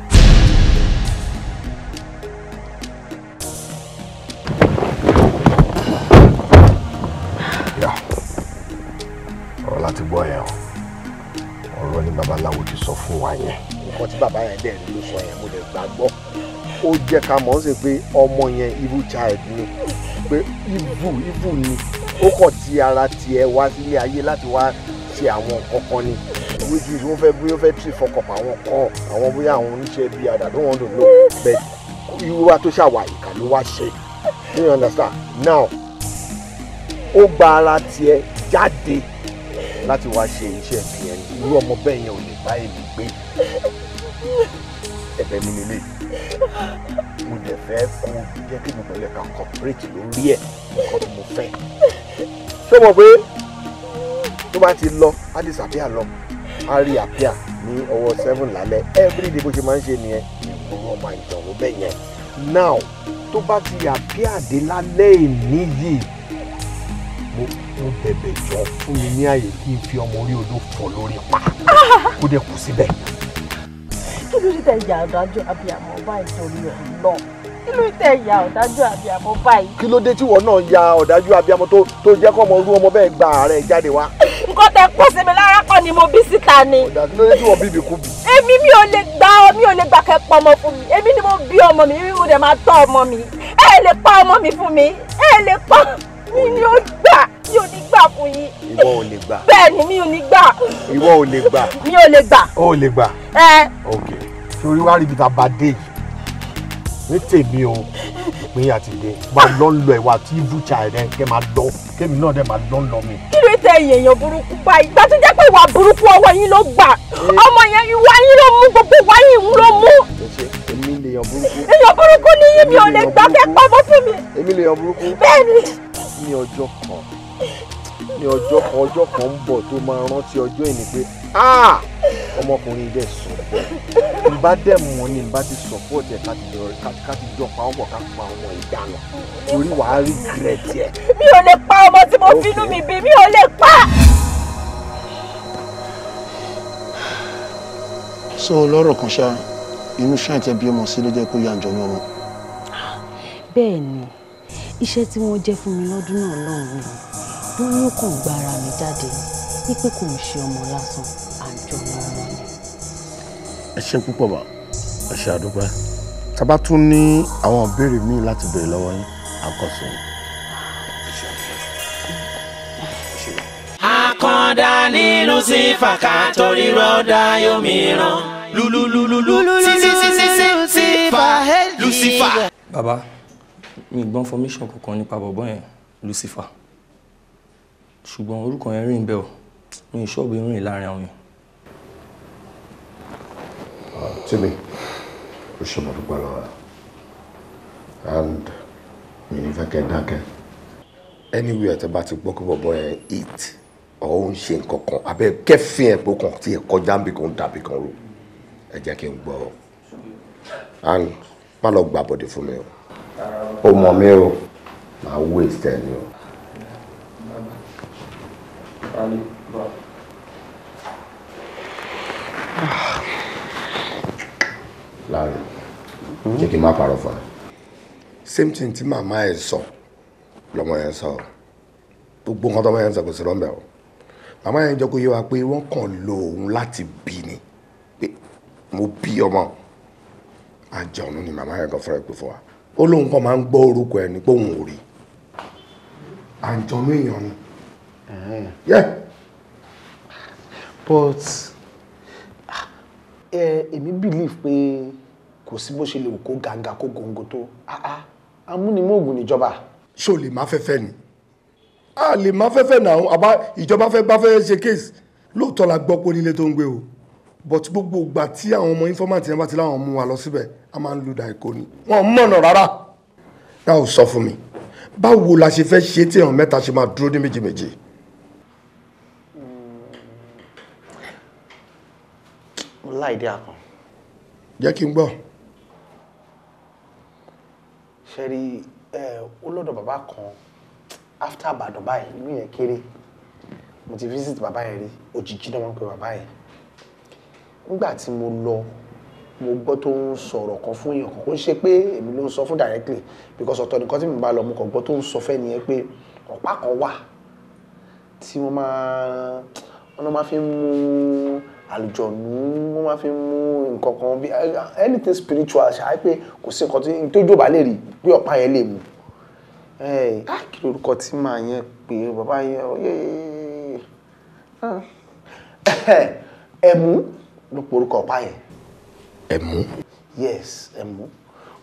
ọ̀rọ̀ láti gbọ́ yẹn o ọ̀rọ̀ ni babaláwo ti sọ fún wa yẹn. nǹkan tí bàbá yẹn dẹ̀ ló sọ yẹn mo lè gbàgbọ́ ó jẹ́ ká mọ̀ ọ́n sì pé ọmọ yẹn evil child ni pé evil evil ni ó kàn ti ara tiẹ̀ wá sílé ayé láti wá ṣe àwọn kankan ni which is wọ́n fẹ́ bí wọ́n fẹ́ tì fọkàn pa àwọn kan àwọn bóyá àwọn oníṣẹ́ bíi àdàdo wọn lò lò bẹ́ẹ̀ irú wa tó ṣàwà ìkà ló wá ṣe you understand now ó gba ara tiẹ̀ jáde láti wá ṣe iṣẹ́ tiẹ̀ irú ọmọ bẹ́ẹ̀ yẹn ò lè bá èmi gbé ẹ̀bẹ̀ mi nílé mo dẹ̀ fẹ́ kó jẹ́ kí gbogbo ẹ̀ka corporate lórí ẹ̀ nǹkan tí mo fẹ́ ṣé mo pé tó bá ti lọ á di lọ á rí àbíà ní ọwọ́ seven lálẹ́ everyday bó ṣe máa ń ṣe nìyẹn ìgbòho ọmọ ìjọ̀wọ́ bẹ́ẹ̀ yẹn now tó bá ti àbíà dé lálẹ́ ìníyì mo mo bẹ̀bẹ̀ jọ fún mi ní àyè kí n fi ọmọ orí odó lórí pa kó dẹ̀ kù síbẹ̀. kí ló dé tẹ̀ ìyá ọ̀dájú abiyamọ báyìí torí ẹ̀ lọ kí ló dé tẹ̀ ìyá ọ̀dájú abiyamọ báyìí. kí ló dé tíwọ náà ya ọ̀dájú abiyamọ tó tó jẹ́ kọ́ ọmọ orú ọmọ bẹ́ẹ̀ gba ààrẹ jáde wá. nǹkan tẹ kó sí mi lára kọ́ ni mo bí síta ni. ọ̀dà kí ló dé tíwọ èmi mi ò lè gbà mi ò lè gbà kẹ́ ọmọ fún mi èmi ni mo bí ọmọ mi mi ò dẹ̀ máa tọ́ ọmọ mi ẹ lè pa ọmọ mi fún mi ẹ lè pa mi ni ó mi ò ní gbà fún yín. ìwọ ò lè gbà. bẹ́ẹ̀ ni mi ò ní gbà. ìwọ ò lè gbà. mi ò lè gbà. o ò lè gbà. ẹ. ok torí wàá rí ibi tá a bá dé yìí ní tèmi o ìpín àtìdé máa lọ lọ ẹwà tí ibùchà rẹ kẹ máa lọ kémi náà dẹ máa lọ lọ mi. kí ló tẹ èèyàn burúkú báyìí ìgbà tó jẹ́ pé ìwà burúkú ọwọ́ yín ló gbà eh. ọmọ yẹn ìwà yín ló mú gbogbo ìwà yín ló mú. èmi lè yàn burúkú. èèyàn burúkú ni yín mi ò lè gbà kẹ́ pamọ́ fún mi. èmi lè yàn burúkú. bẹ́ẹ̀ ní ọjọ́ kan ní ọjọ́ kan ọjọ́ kan ń bọ̀ tó máa rántí ọjọ́ ìní pé ọmọkùnrin ilé sùn ìbá dẹ̀ mọ̀ ni ìbá ti support ẹ̀ káti jọ pa ọmọ ká pa ọmọ ìdáná torí wàá regret ẹ̀. mi ò lè pa ọmọ tí mo finú mi bí mi ò lè pa. so lọ́rọ̀ kan ṣá inú ṣáà tẹ bí ọmọ sí ló jẹ́ kó yá ní ọmọ. bẹ́ẹ̀ ni iṣẹ́ tí wọ́n jẹ́ fún mi lọ́dún náà lọ́hùn-ún ni lóyún kàn gba ara mi jáde wípé kò ń ṣe ọmọ lásán àjọ ọmọ ni. ẹ ṣe púpọ̀ bá ẹ ṣe àdúpẹ́ tábà tún ní àwọn ìbéèrè míì láti béèrè lọ́wọ́ yín àkọsọ yín. àkàndá ní lucifer ká torí rọ́ọ̀dá yomi ràn lululululu sísísísísífà lucifer. baba mi gbọ́n information kankan nípa bọ̀bọ́ yẹn Lucifer ṣùgbọ́n orúkọ yẹn rìn bẹ́ẹ̀ o mi ì ṣọ́ọ̀bù rìn láàrin àwọn yẹn. Ah, tíbi ó ṣe mọ̀ dúpẹ́ lọ́wọ́ and mi ní fẹ́ kẹ́ dákẹ́ anywhere tẹ bá ti gbọ́ pé bọ̀bọ́ yẹn eat ọ̀hún ṣe nǹkan kan abẹ́ kẹfìn ẹ̀pọ̀ kan tí ẹ̀ kọjá ń bì kan dàbí kan ro ẹ jẹ́ kí n gbọ́ and má lọ gbàbọ̀dẹ̀ fún mi o ó mọ̀ mí o máa waste ẹ̀ ni o. láàrin jẹ́ kí n má parọ́ fún ẹ. same thing tí màmá ẹ sọ lọmọ yẹn sọ gbogbo nǹkan tọmọ yẹn sọ kò sí rọ́ńbẹ́ o màmá yẹn jẹ́ kó yé wa pé wọ́n kàn lo òun láti bí ni pé mo bí ọmọ àjọ̀nù ni màmá yẹn kan fẹ́rẹ̀ pé fún wa ó lóun kan máa ń gbọ́ orúkọ ẹ̀ ní pé òun ò rí àjọmọ́ èèyàn ni. yeah. but èmi believe pé kò sí bó ṣe lè kó gàǹgà kó gòǹgò tó amúnimóògùn níjọba. ṣó lè má fẹ́fẹ́ ni a lè má fẹ́fẹ́ náà àbá ìjọba fẹ́ bá fẹ́ ṣe kéèsì lóòótọ́ la gbọ́ pé onílé tó ń gbé o but gbogbo ìgbà tí àwọn ọmọ informant yẹn bá ti láwọn mú wa lọ síbẹ̀ a máa ń lu dàìkò ni wọn mọ̀nà rárá náà ò sọ fún mi báwo la ṣe fẹ́ ṣe tí èèyàn mẹ́ta ṣe máa dúró ní méjì méjì. mo láìdí àkàn. jẹ́ kí n gbọ́. ṣẹ́rí olódò bàbá kan after àbàdàn báyìí ìlú yẹn kéré mo ti visit bàbá yẹn rí òjijì náà wọ́n pe bàbá yẹn nígbà tí mo lọ mo gbọ́ tó ń sọ̀rọ̀ kan fún èèyàn kan kò ń ṣe pé èmi ló ń sọ fún directly because ọ̀tọ̀ nìkan tí mo bá lọ mo kàn gbọ́ tó ń sọ fẹ́ nìyẹn pé ọ̀pá kan wà tí wọ́n máa wọ́n máa fi ń mú àlùjọ̀nù wọ́n máa fi ń mú nǹkan kan bí anything spiritual ṣáà pé kò sí nǹkan tó jòbá lè rí pé ọ̀pá yẹn lè mú ah, kí lorúkọ tí màá yẹn pé bàbá yẹn oh, ah. *laughs* ẹ̀mú ló porúkọ ọ̀pá yẹn. ẹ̀mú. yes ẹ̀mú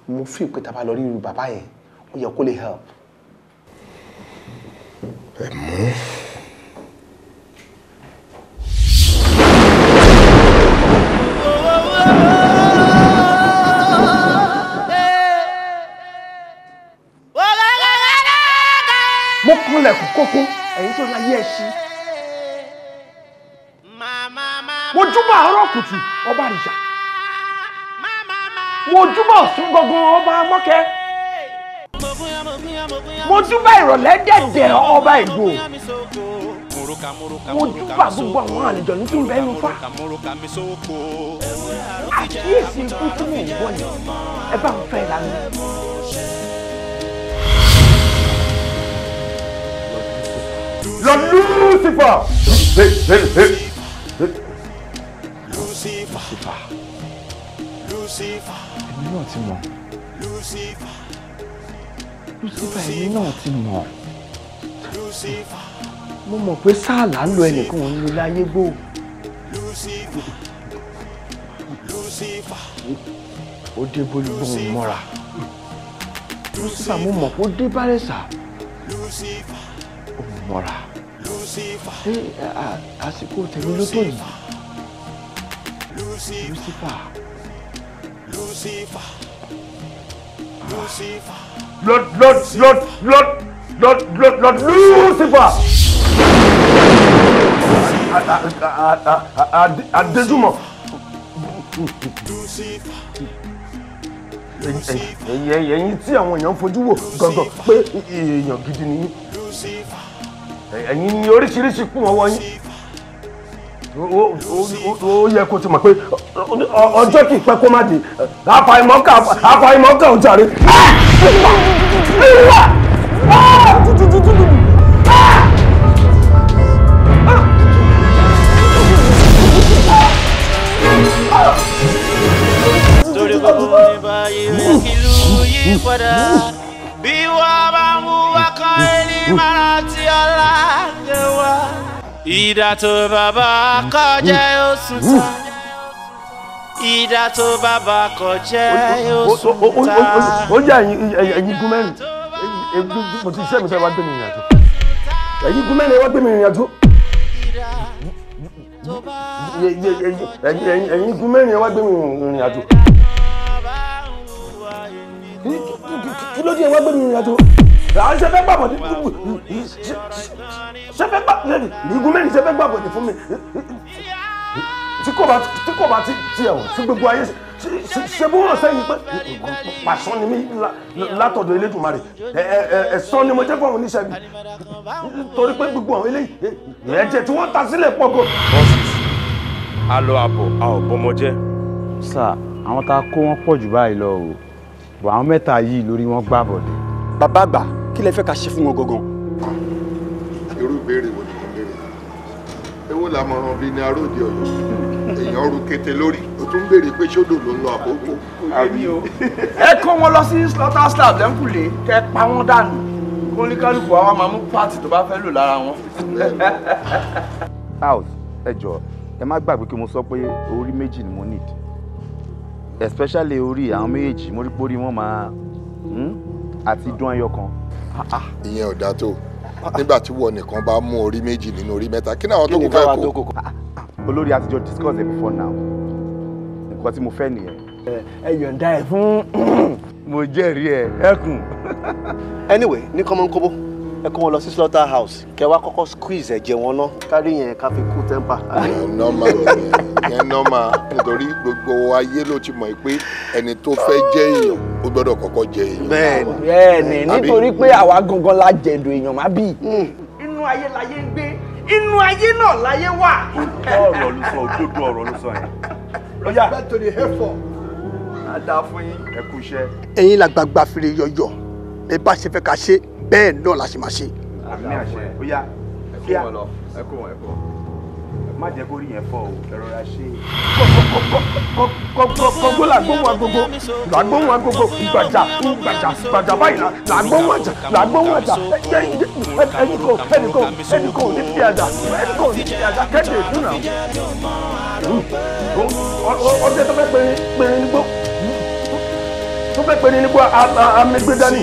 mo fi ìpè tá a bá lọ rí irú bàbá yẹn ó yẹ kó lè help. ẹ̀mú. mo kúnlẹ̀ kú kókó ẹ̀yin tó láyé ẹ̀ ṣí wọ́n júbà ọ̀rọ̀ kùtù ọba àrìṣà wọ́n júbà ọ̀sán gangan ọba mọ́kẹ́ mo júbà ìrọ̀lẹ́ dẹ̀dẹ̀ ọba ìgbò mo júbà gbogbo àwọn àlejò ní tí ń fa àkíyèsí ikú tí mò ń gbọ́ yìí ẹ bá ń fẹ́ ìlànà. You're Lucifer! Hey, hey, hey! Lucifer. Lucifer. Èmi náà ti mọ̀. Lucifer. Lucifer èmi náà ti mọ̀. Lucifer. Mo mọ̀ pé sáàlà ń lo ẹnìkan òun ní láyé gbò. Lucifer. Lucifer. Ó dé bólúgbó òun mọ́ra. Lucifer mo mọ̀ pé ó dé bárẹ̀sà. Lucifer. Òun mọ́ra. Lucifer. Ṣé àsìkò tèmi ló tó yìí? Lucifer. Lucifer. Lucifer. Lucifer. Lord, Lord, Lord, Lord, Lord, Lord, Lord, Lucifer. Adéjúmọ̀. Ẹ̀yin tí àwọn èèyàn ń fojú wò gangan pé èèyàn gidi ni yín. Ẹ̀yin ni oríṣiríṣi kún ọwọ́ yín ó yẹ kó ti mọ̀ pé ọjọ́ kìí pẹ́ kó má di àfàìmọ́kà àfàìmọ́kà ò jàre. torí gbogbo ní báyìí kìlú yí padà bí wàá bá mú wákàn ẹni e máa ti ọ̀la ìdá tó bàbá kọjá yóò Ida to baba tó bàbá kọjá yóò sùn ta. ó jẹ́ ẹ̀yin gún mẹ́rin mo ti sẹ́mi sẹ́mi wá gbé mi ìrìn àjò ẹ̀yin gún mẹ́rin wá gbé mi ìrìn àjò ẹ̀yin gún mẹ́rin wá gbé mi ìrìn àjò kí ló dé wá gbé mi ìrìn àjò àwọn ah, ṣe fẹ́ gbàbọ̀ ní gbogbo ṣe fẹ́ gbàbọ̀ ní igun mẹ́rin ṣe fẹ́ gbàbọ̀ ní fún mi tí kò bá tí kò bá ti tiẹ̀ o tí gbogbo ayé ṣe bí wọ́n sẹ́yìn pé pàṣán ni mí látọ̀dọ̀ Elédùmarè ẹ̀sán ni mo jẹ́ fún àwọn oníṣègùn torí pé gbogbo àwọn eléyìí ẹ̀jẹ̀ tí wọ́n ta sílẹ̀ pọ̀ gan. a lọ àbọ̀ a ò bọmọ jẹ́. sà àwọn tá a kó wọn pọ̀ jù báyìí lọ o bọ̀ àwọn mẹ́ta yìí lórí wọn gbà bọ̀dẹ̀. bàbá àgbà kí lẹ fẹ́ ká ṣe fún wọn gangan. irú ìbéèrè wo ni mo béèrè ewu làmọ̀ràn bíi ní aróde ọ̀yọ́ èèyàn ru kété lórí o tún béèrè pé sódò ló ń lọ àkókò. ẹ kó wọn lọ sí slaughter slab lẹ́ńkùlé kẹ́ pa wọ́n dànù kóníkálùkù àwa máa mú páàtì tó bá fẹ́ lò lára wọn. house ẹ jọ̀ọ́ ẹ má gbàgbé kí mo sọ pé orí méjì ni mo need especially orí àwọn méjèèjì mo rí pé orí wọn máa hmm, àti dún ẹyọ kan ìyẹn ò dáa tó nígbà tí wọ́n nìkan bá mú orí méjì nínú orí mẹ́ta kí ni àwọn tó kù fẹ́ kó. olórí àtijọ́ discuss it before now nǹkan tí mo fẹ́ nìyẹn. ẹ yọ̀ǹda ẹ fún mo jẹ́rìí ẹ ẹkùn. anyway ní kọ́mọ́nkóbó ẹ kó wọn lọ sí slaughter house kẹ wá kọ́kọ́ squeeze ẹ̀jẹ̀ wọn ná kárí yẹn ká fi kú tẹ́ḿpà. nọ́mà yẹn nọ́mà nítorí gbogbo ayé ló ti mọ̀ pé ẹni tó fẹ́ jẹ́ èèyàn ó gbọ́dọ̀ kọ́kọ́ jẹ èèyàn. bẹ́ẹ̀ni bẹ́ẹ̀ni nítorí pé àwa gangan la jẹ̀dọ̀ èèyàn má bì. Hmm. inú ayé láyé ń gbé inú ayé náà láyé wà. ọ̀rọ̀ ló sọ òdodo ọ̀rọ̀ ló sọ yẹn. lọ́yà ẹ̀yin làgbàgbà fèrè yọ̀yọ̀ ẹ bá ṣe fẹ́ ká ṣe bẹ́ẹ̀ náà la ṣe máa ṣe. àmì àṣẹ ó yá kíá ẹ kó ẹ kó má jẹ́ kó rí yẹn fọ́ o ẹ̀rọ ra ṣe. kọ́gbó la agogo la agogo gbàjà gbàjà gbàjà báyìí la la gbóhùn àjà la gbóhùn àjà ẹnìkò ẹnìkò ẹnìkò ní fi àjà ẹnìkò ní fi àjà kẹ́kẹ́ ìdúnà. ọdẹ tó fẹ́ pèrè nígbó tó fẹ́ pèrè nígbó amẹgbẹ́dání.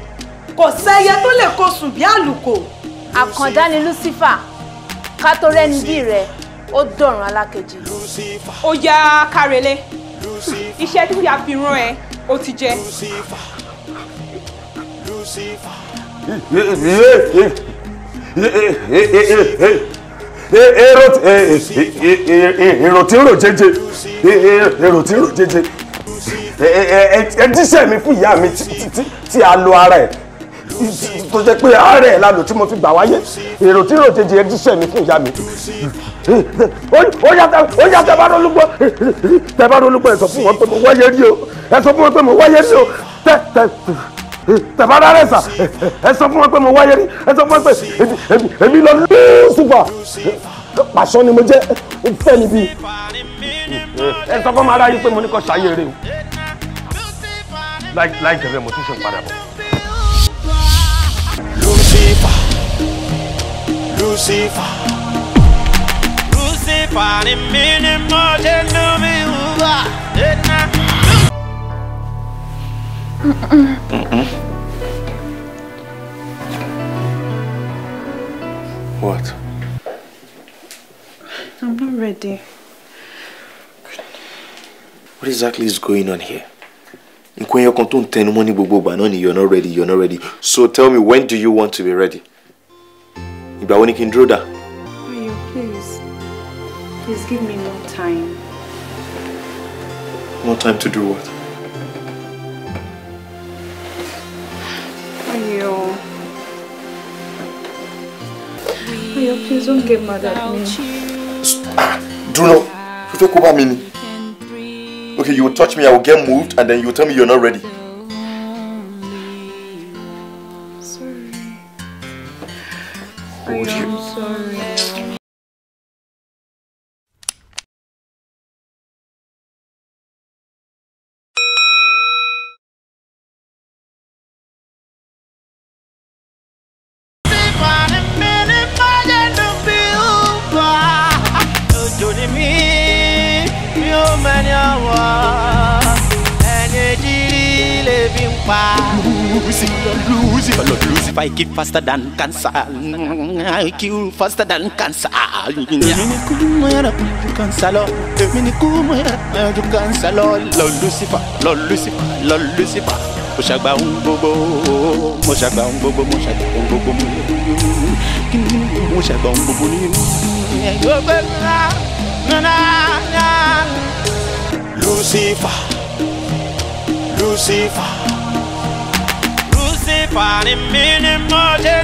kò sẹ́yẹ tó lè kó sùn bí àlùkò. àkàndá ni lucifer ká tó rẹ́ni bí rẹ̀ ó dọ̀rùn alákejì. ó yá kárelé iṣẹ́ tí a fi rán ẹ ó ti jẹ. èrò tí ń rò jẹjẹ èrò tí ń rò jẹjẹ ẹ jíṣẹ́ mi fún ìyá mi tí a lo ara ẹ̀ tó jẹ́ pé àárẹ̀ lálò tí mo fi gbà wáyé èrò tí ròjèjì ẹ jíṣẹ́ mi fún ìyá mi ó yá tẹ bá rólúgbọ́ tẹ bá rólúgbọ́ ẹ sọ fún wọn pé mo wáyé rí o ẹ sọ fún wọn pé mo wáyé rí o tẹ tẹ tẹ̀bá rárẹ̀ sà ẹ sọ fún wọn pé mo wáyé rí ẹ sọ fún wọn pé èmi lọ lóòsùpà pàṣọ ni mo jẹ́ fẹ́ níbí ẹ sọ fún ọmọ aráyé pé mo ní kọ́ ṣayé rè o láì tẹ̀lé mo tún ṣe ń Lucifer Lucifer ni mí ni mo ṣe nu mi What? I'm not ready. What exactly is going on here? Nǹkan ẹyọ kan tó ń tẹnu mọ́ ní gbogbo ìgbà náà ni you are not ready, you're not ready. So tell me, when do you want to be ready? ìgbà wo ni kí n Ayo please please give me more time. More time to do what? Ayo. Ayo please don't get mad at me. Dúró fífẹ́ kó bá me. Okay, you will touch me, I will get moved, and then you tell me you are not ready. 哎呦！far. Losing, blood I kill faster than cancer. I kill faster than cancer. Cancelo, Cancelo, Lord Lucifer, Lucifer, Lucifer. Mo ṣàgbà ń gbogbo, mo ṣàgbà ń gbogbo, Lucifer, Lucifer. Lucifer, the meaning more uba.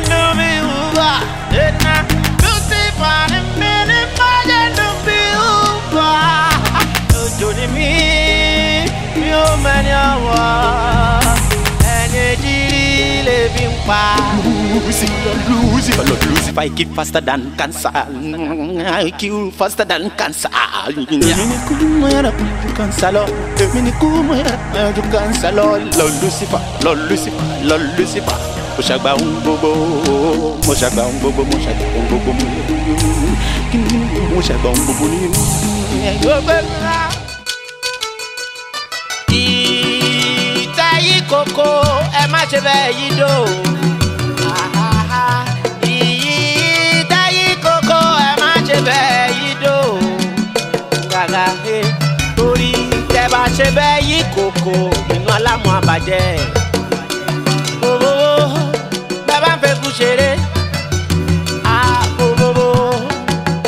Lucifer, the meaning more than uba. Ojo mi, mi ò mẹ́ni ọ̀wọ́, losing, you're losing, you're losing. If I kill faster than cancer, I kill faster than cancer. Lord Lucifer, Lord Lucifer, Lord Lucifer. Mo ṣàgbà ń gbogbo, mo ṣàgbà ń gbogbo, mo ṣàgbà ń gbogbo, mo ṣàgbà ń gbogbo ní ìlú. koko ẹ má ṣe bẹ́ẹ̀ yí dò. he torí tẹ́ bá ṣe bẹ́ẹ̀ yí kòkò inú alámọ̀ àbàjẹ́ òwò bẹ́ẹ̀ bá ń fẹ́ kú ṣeré àbòbòbò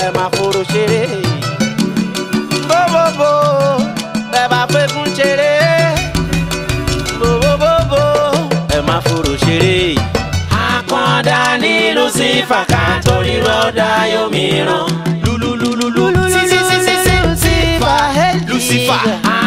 ẹ máa fòrò ṣeré bòbòbò bẹ́ẹ̀ bá fẹ́ kú ṣeré bòbòbò ẹ máa fòrò ṣeré. àkàndá ní Lucifer ká torí rọ́ọ̀dá yóò mìíràn. Lucifer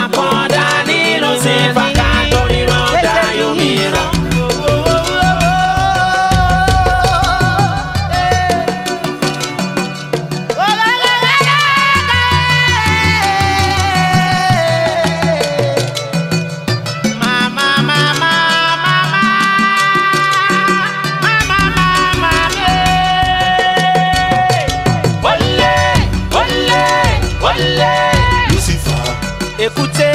escuché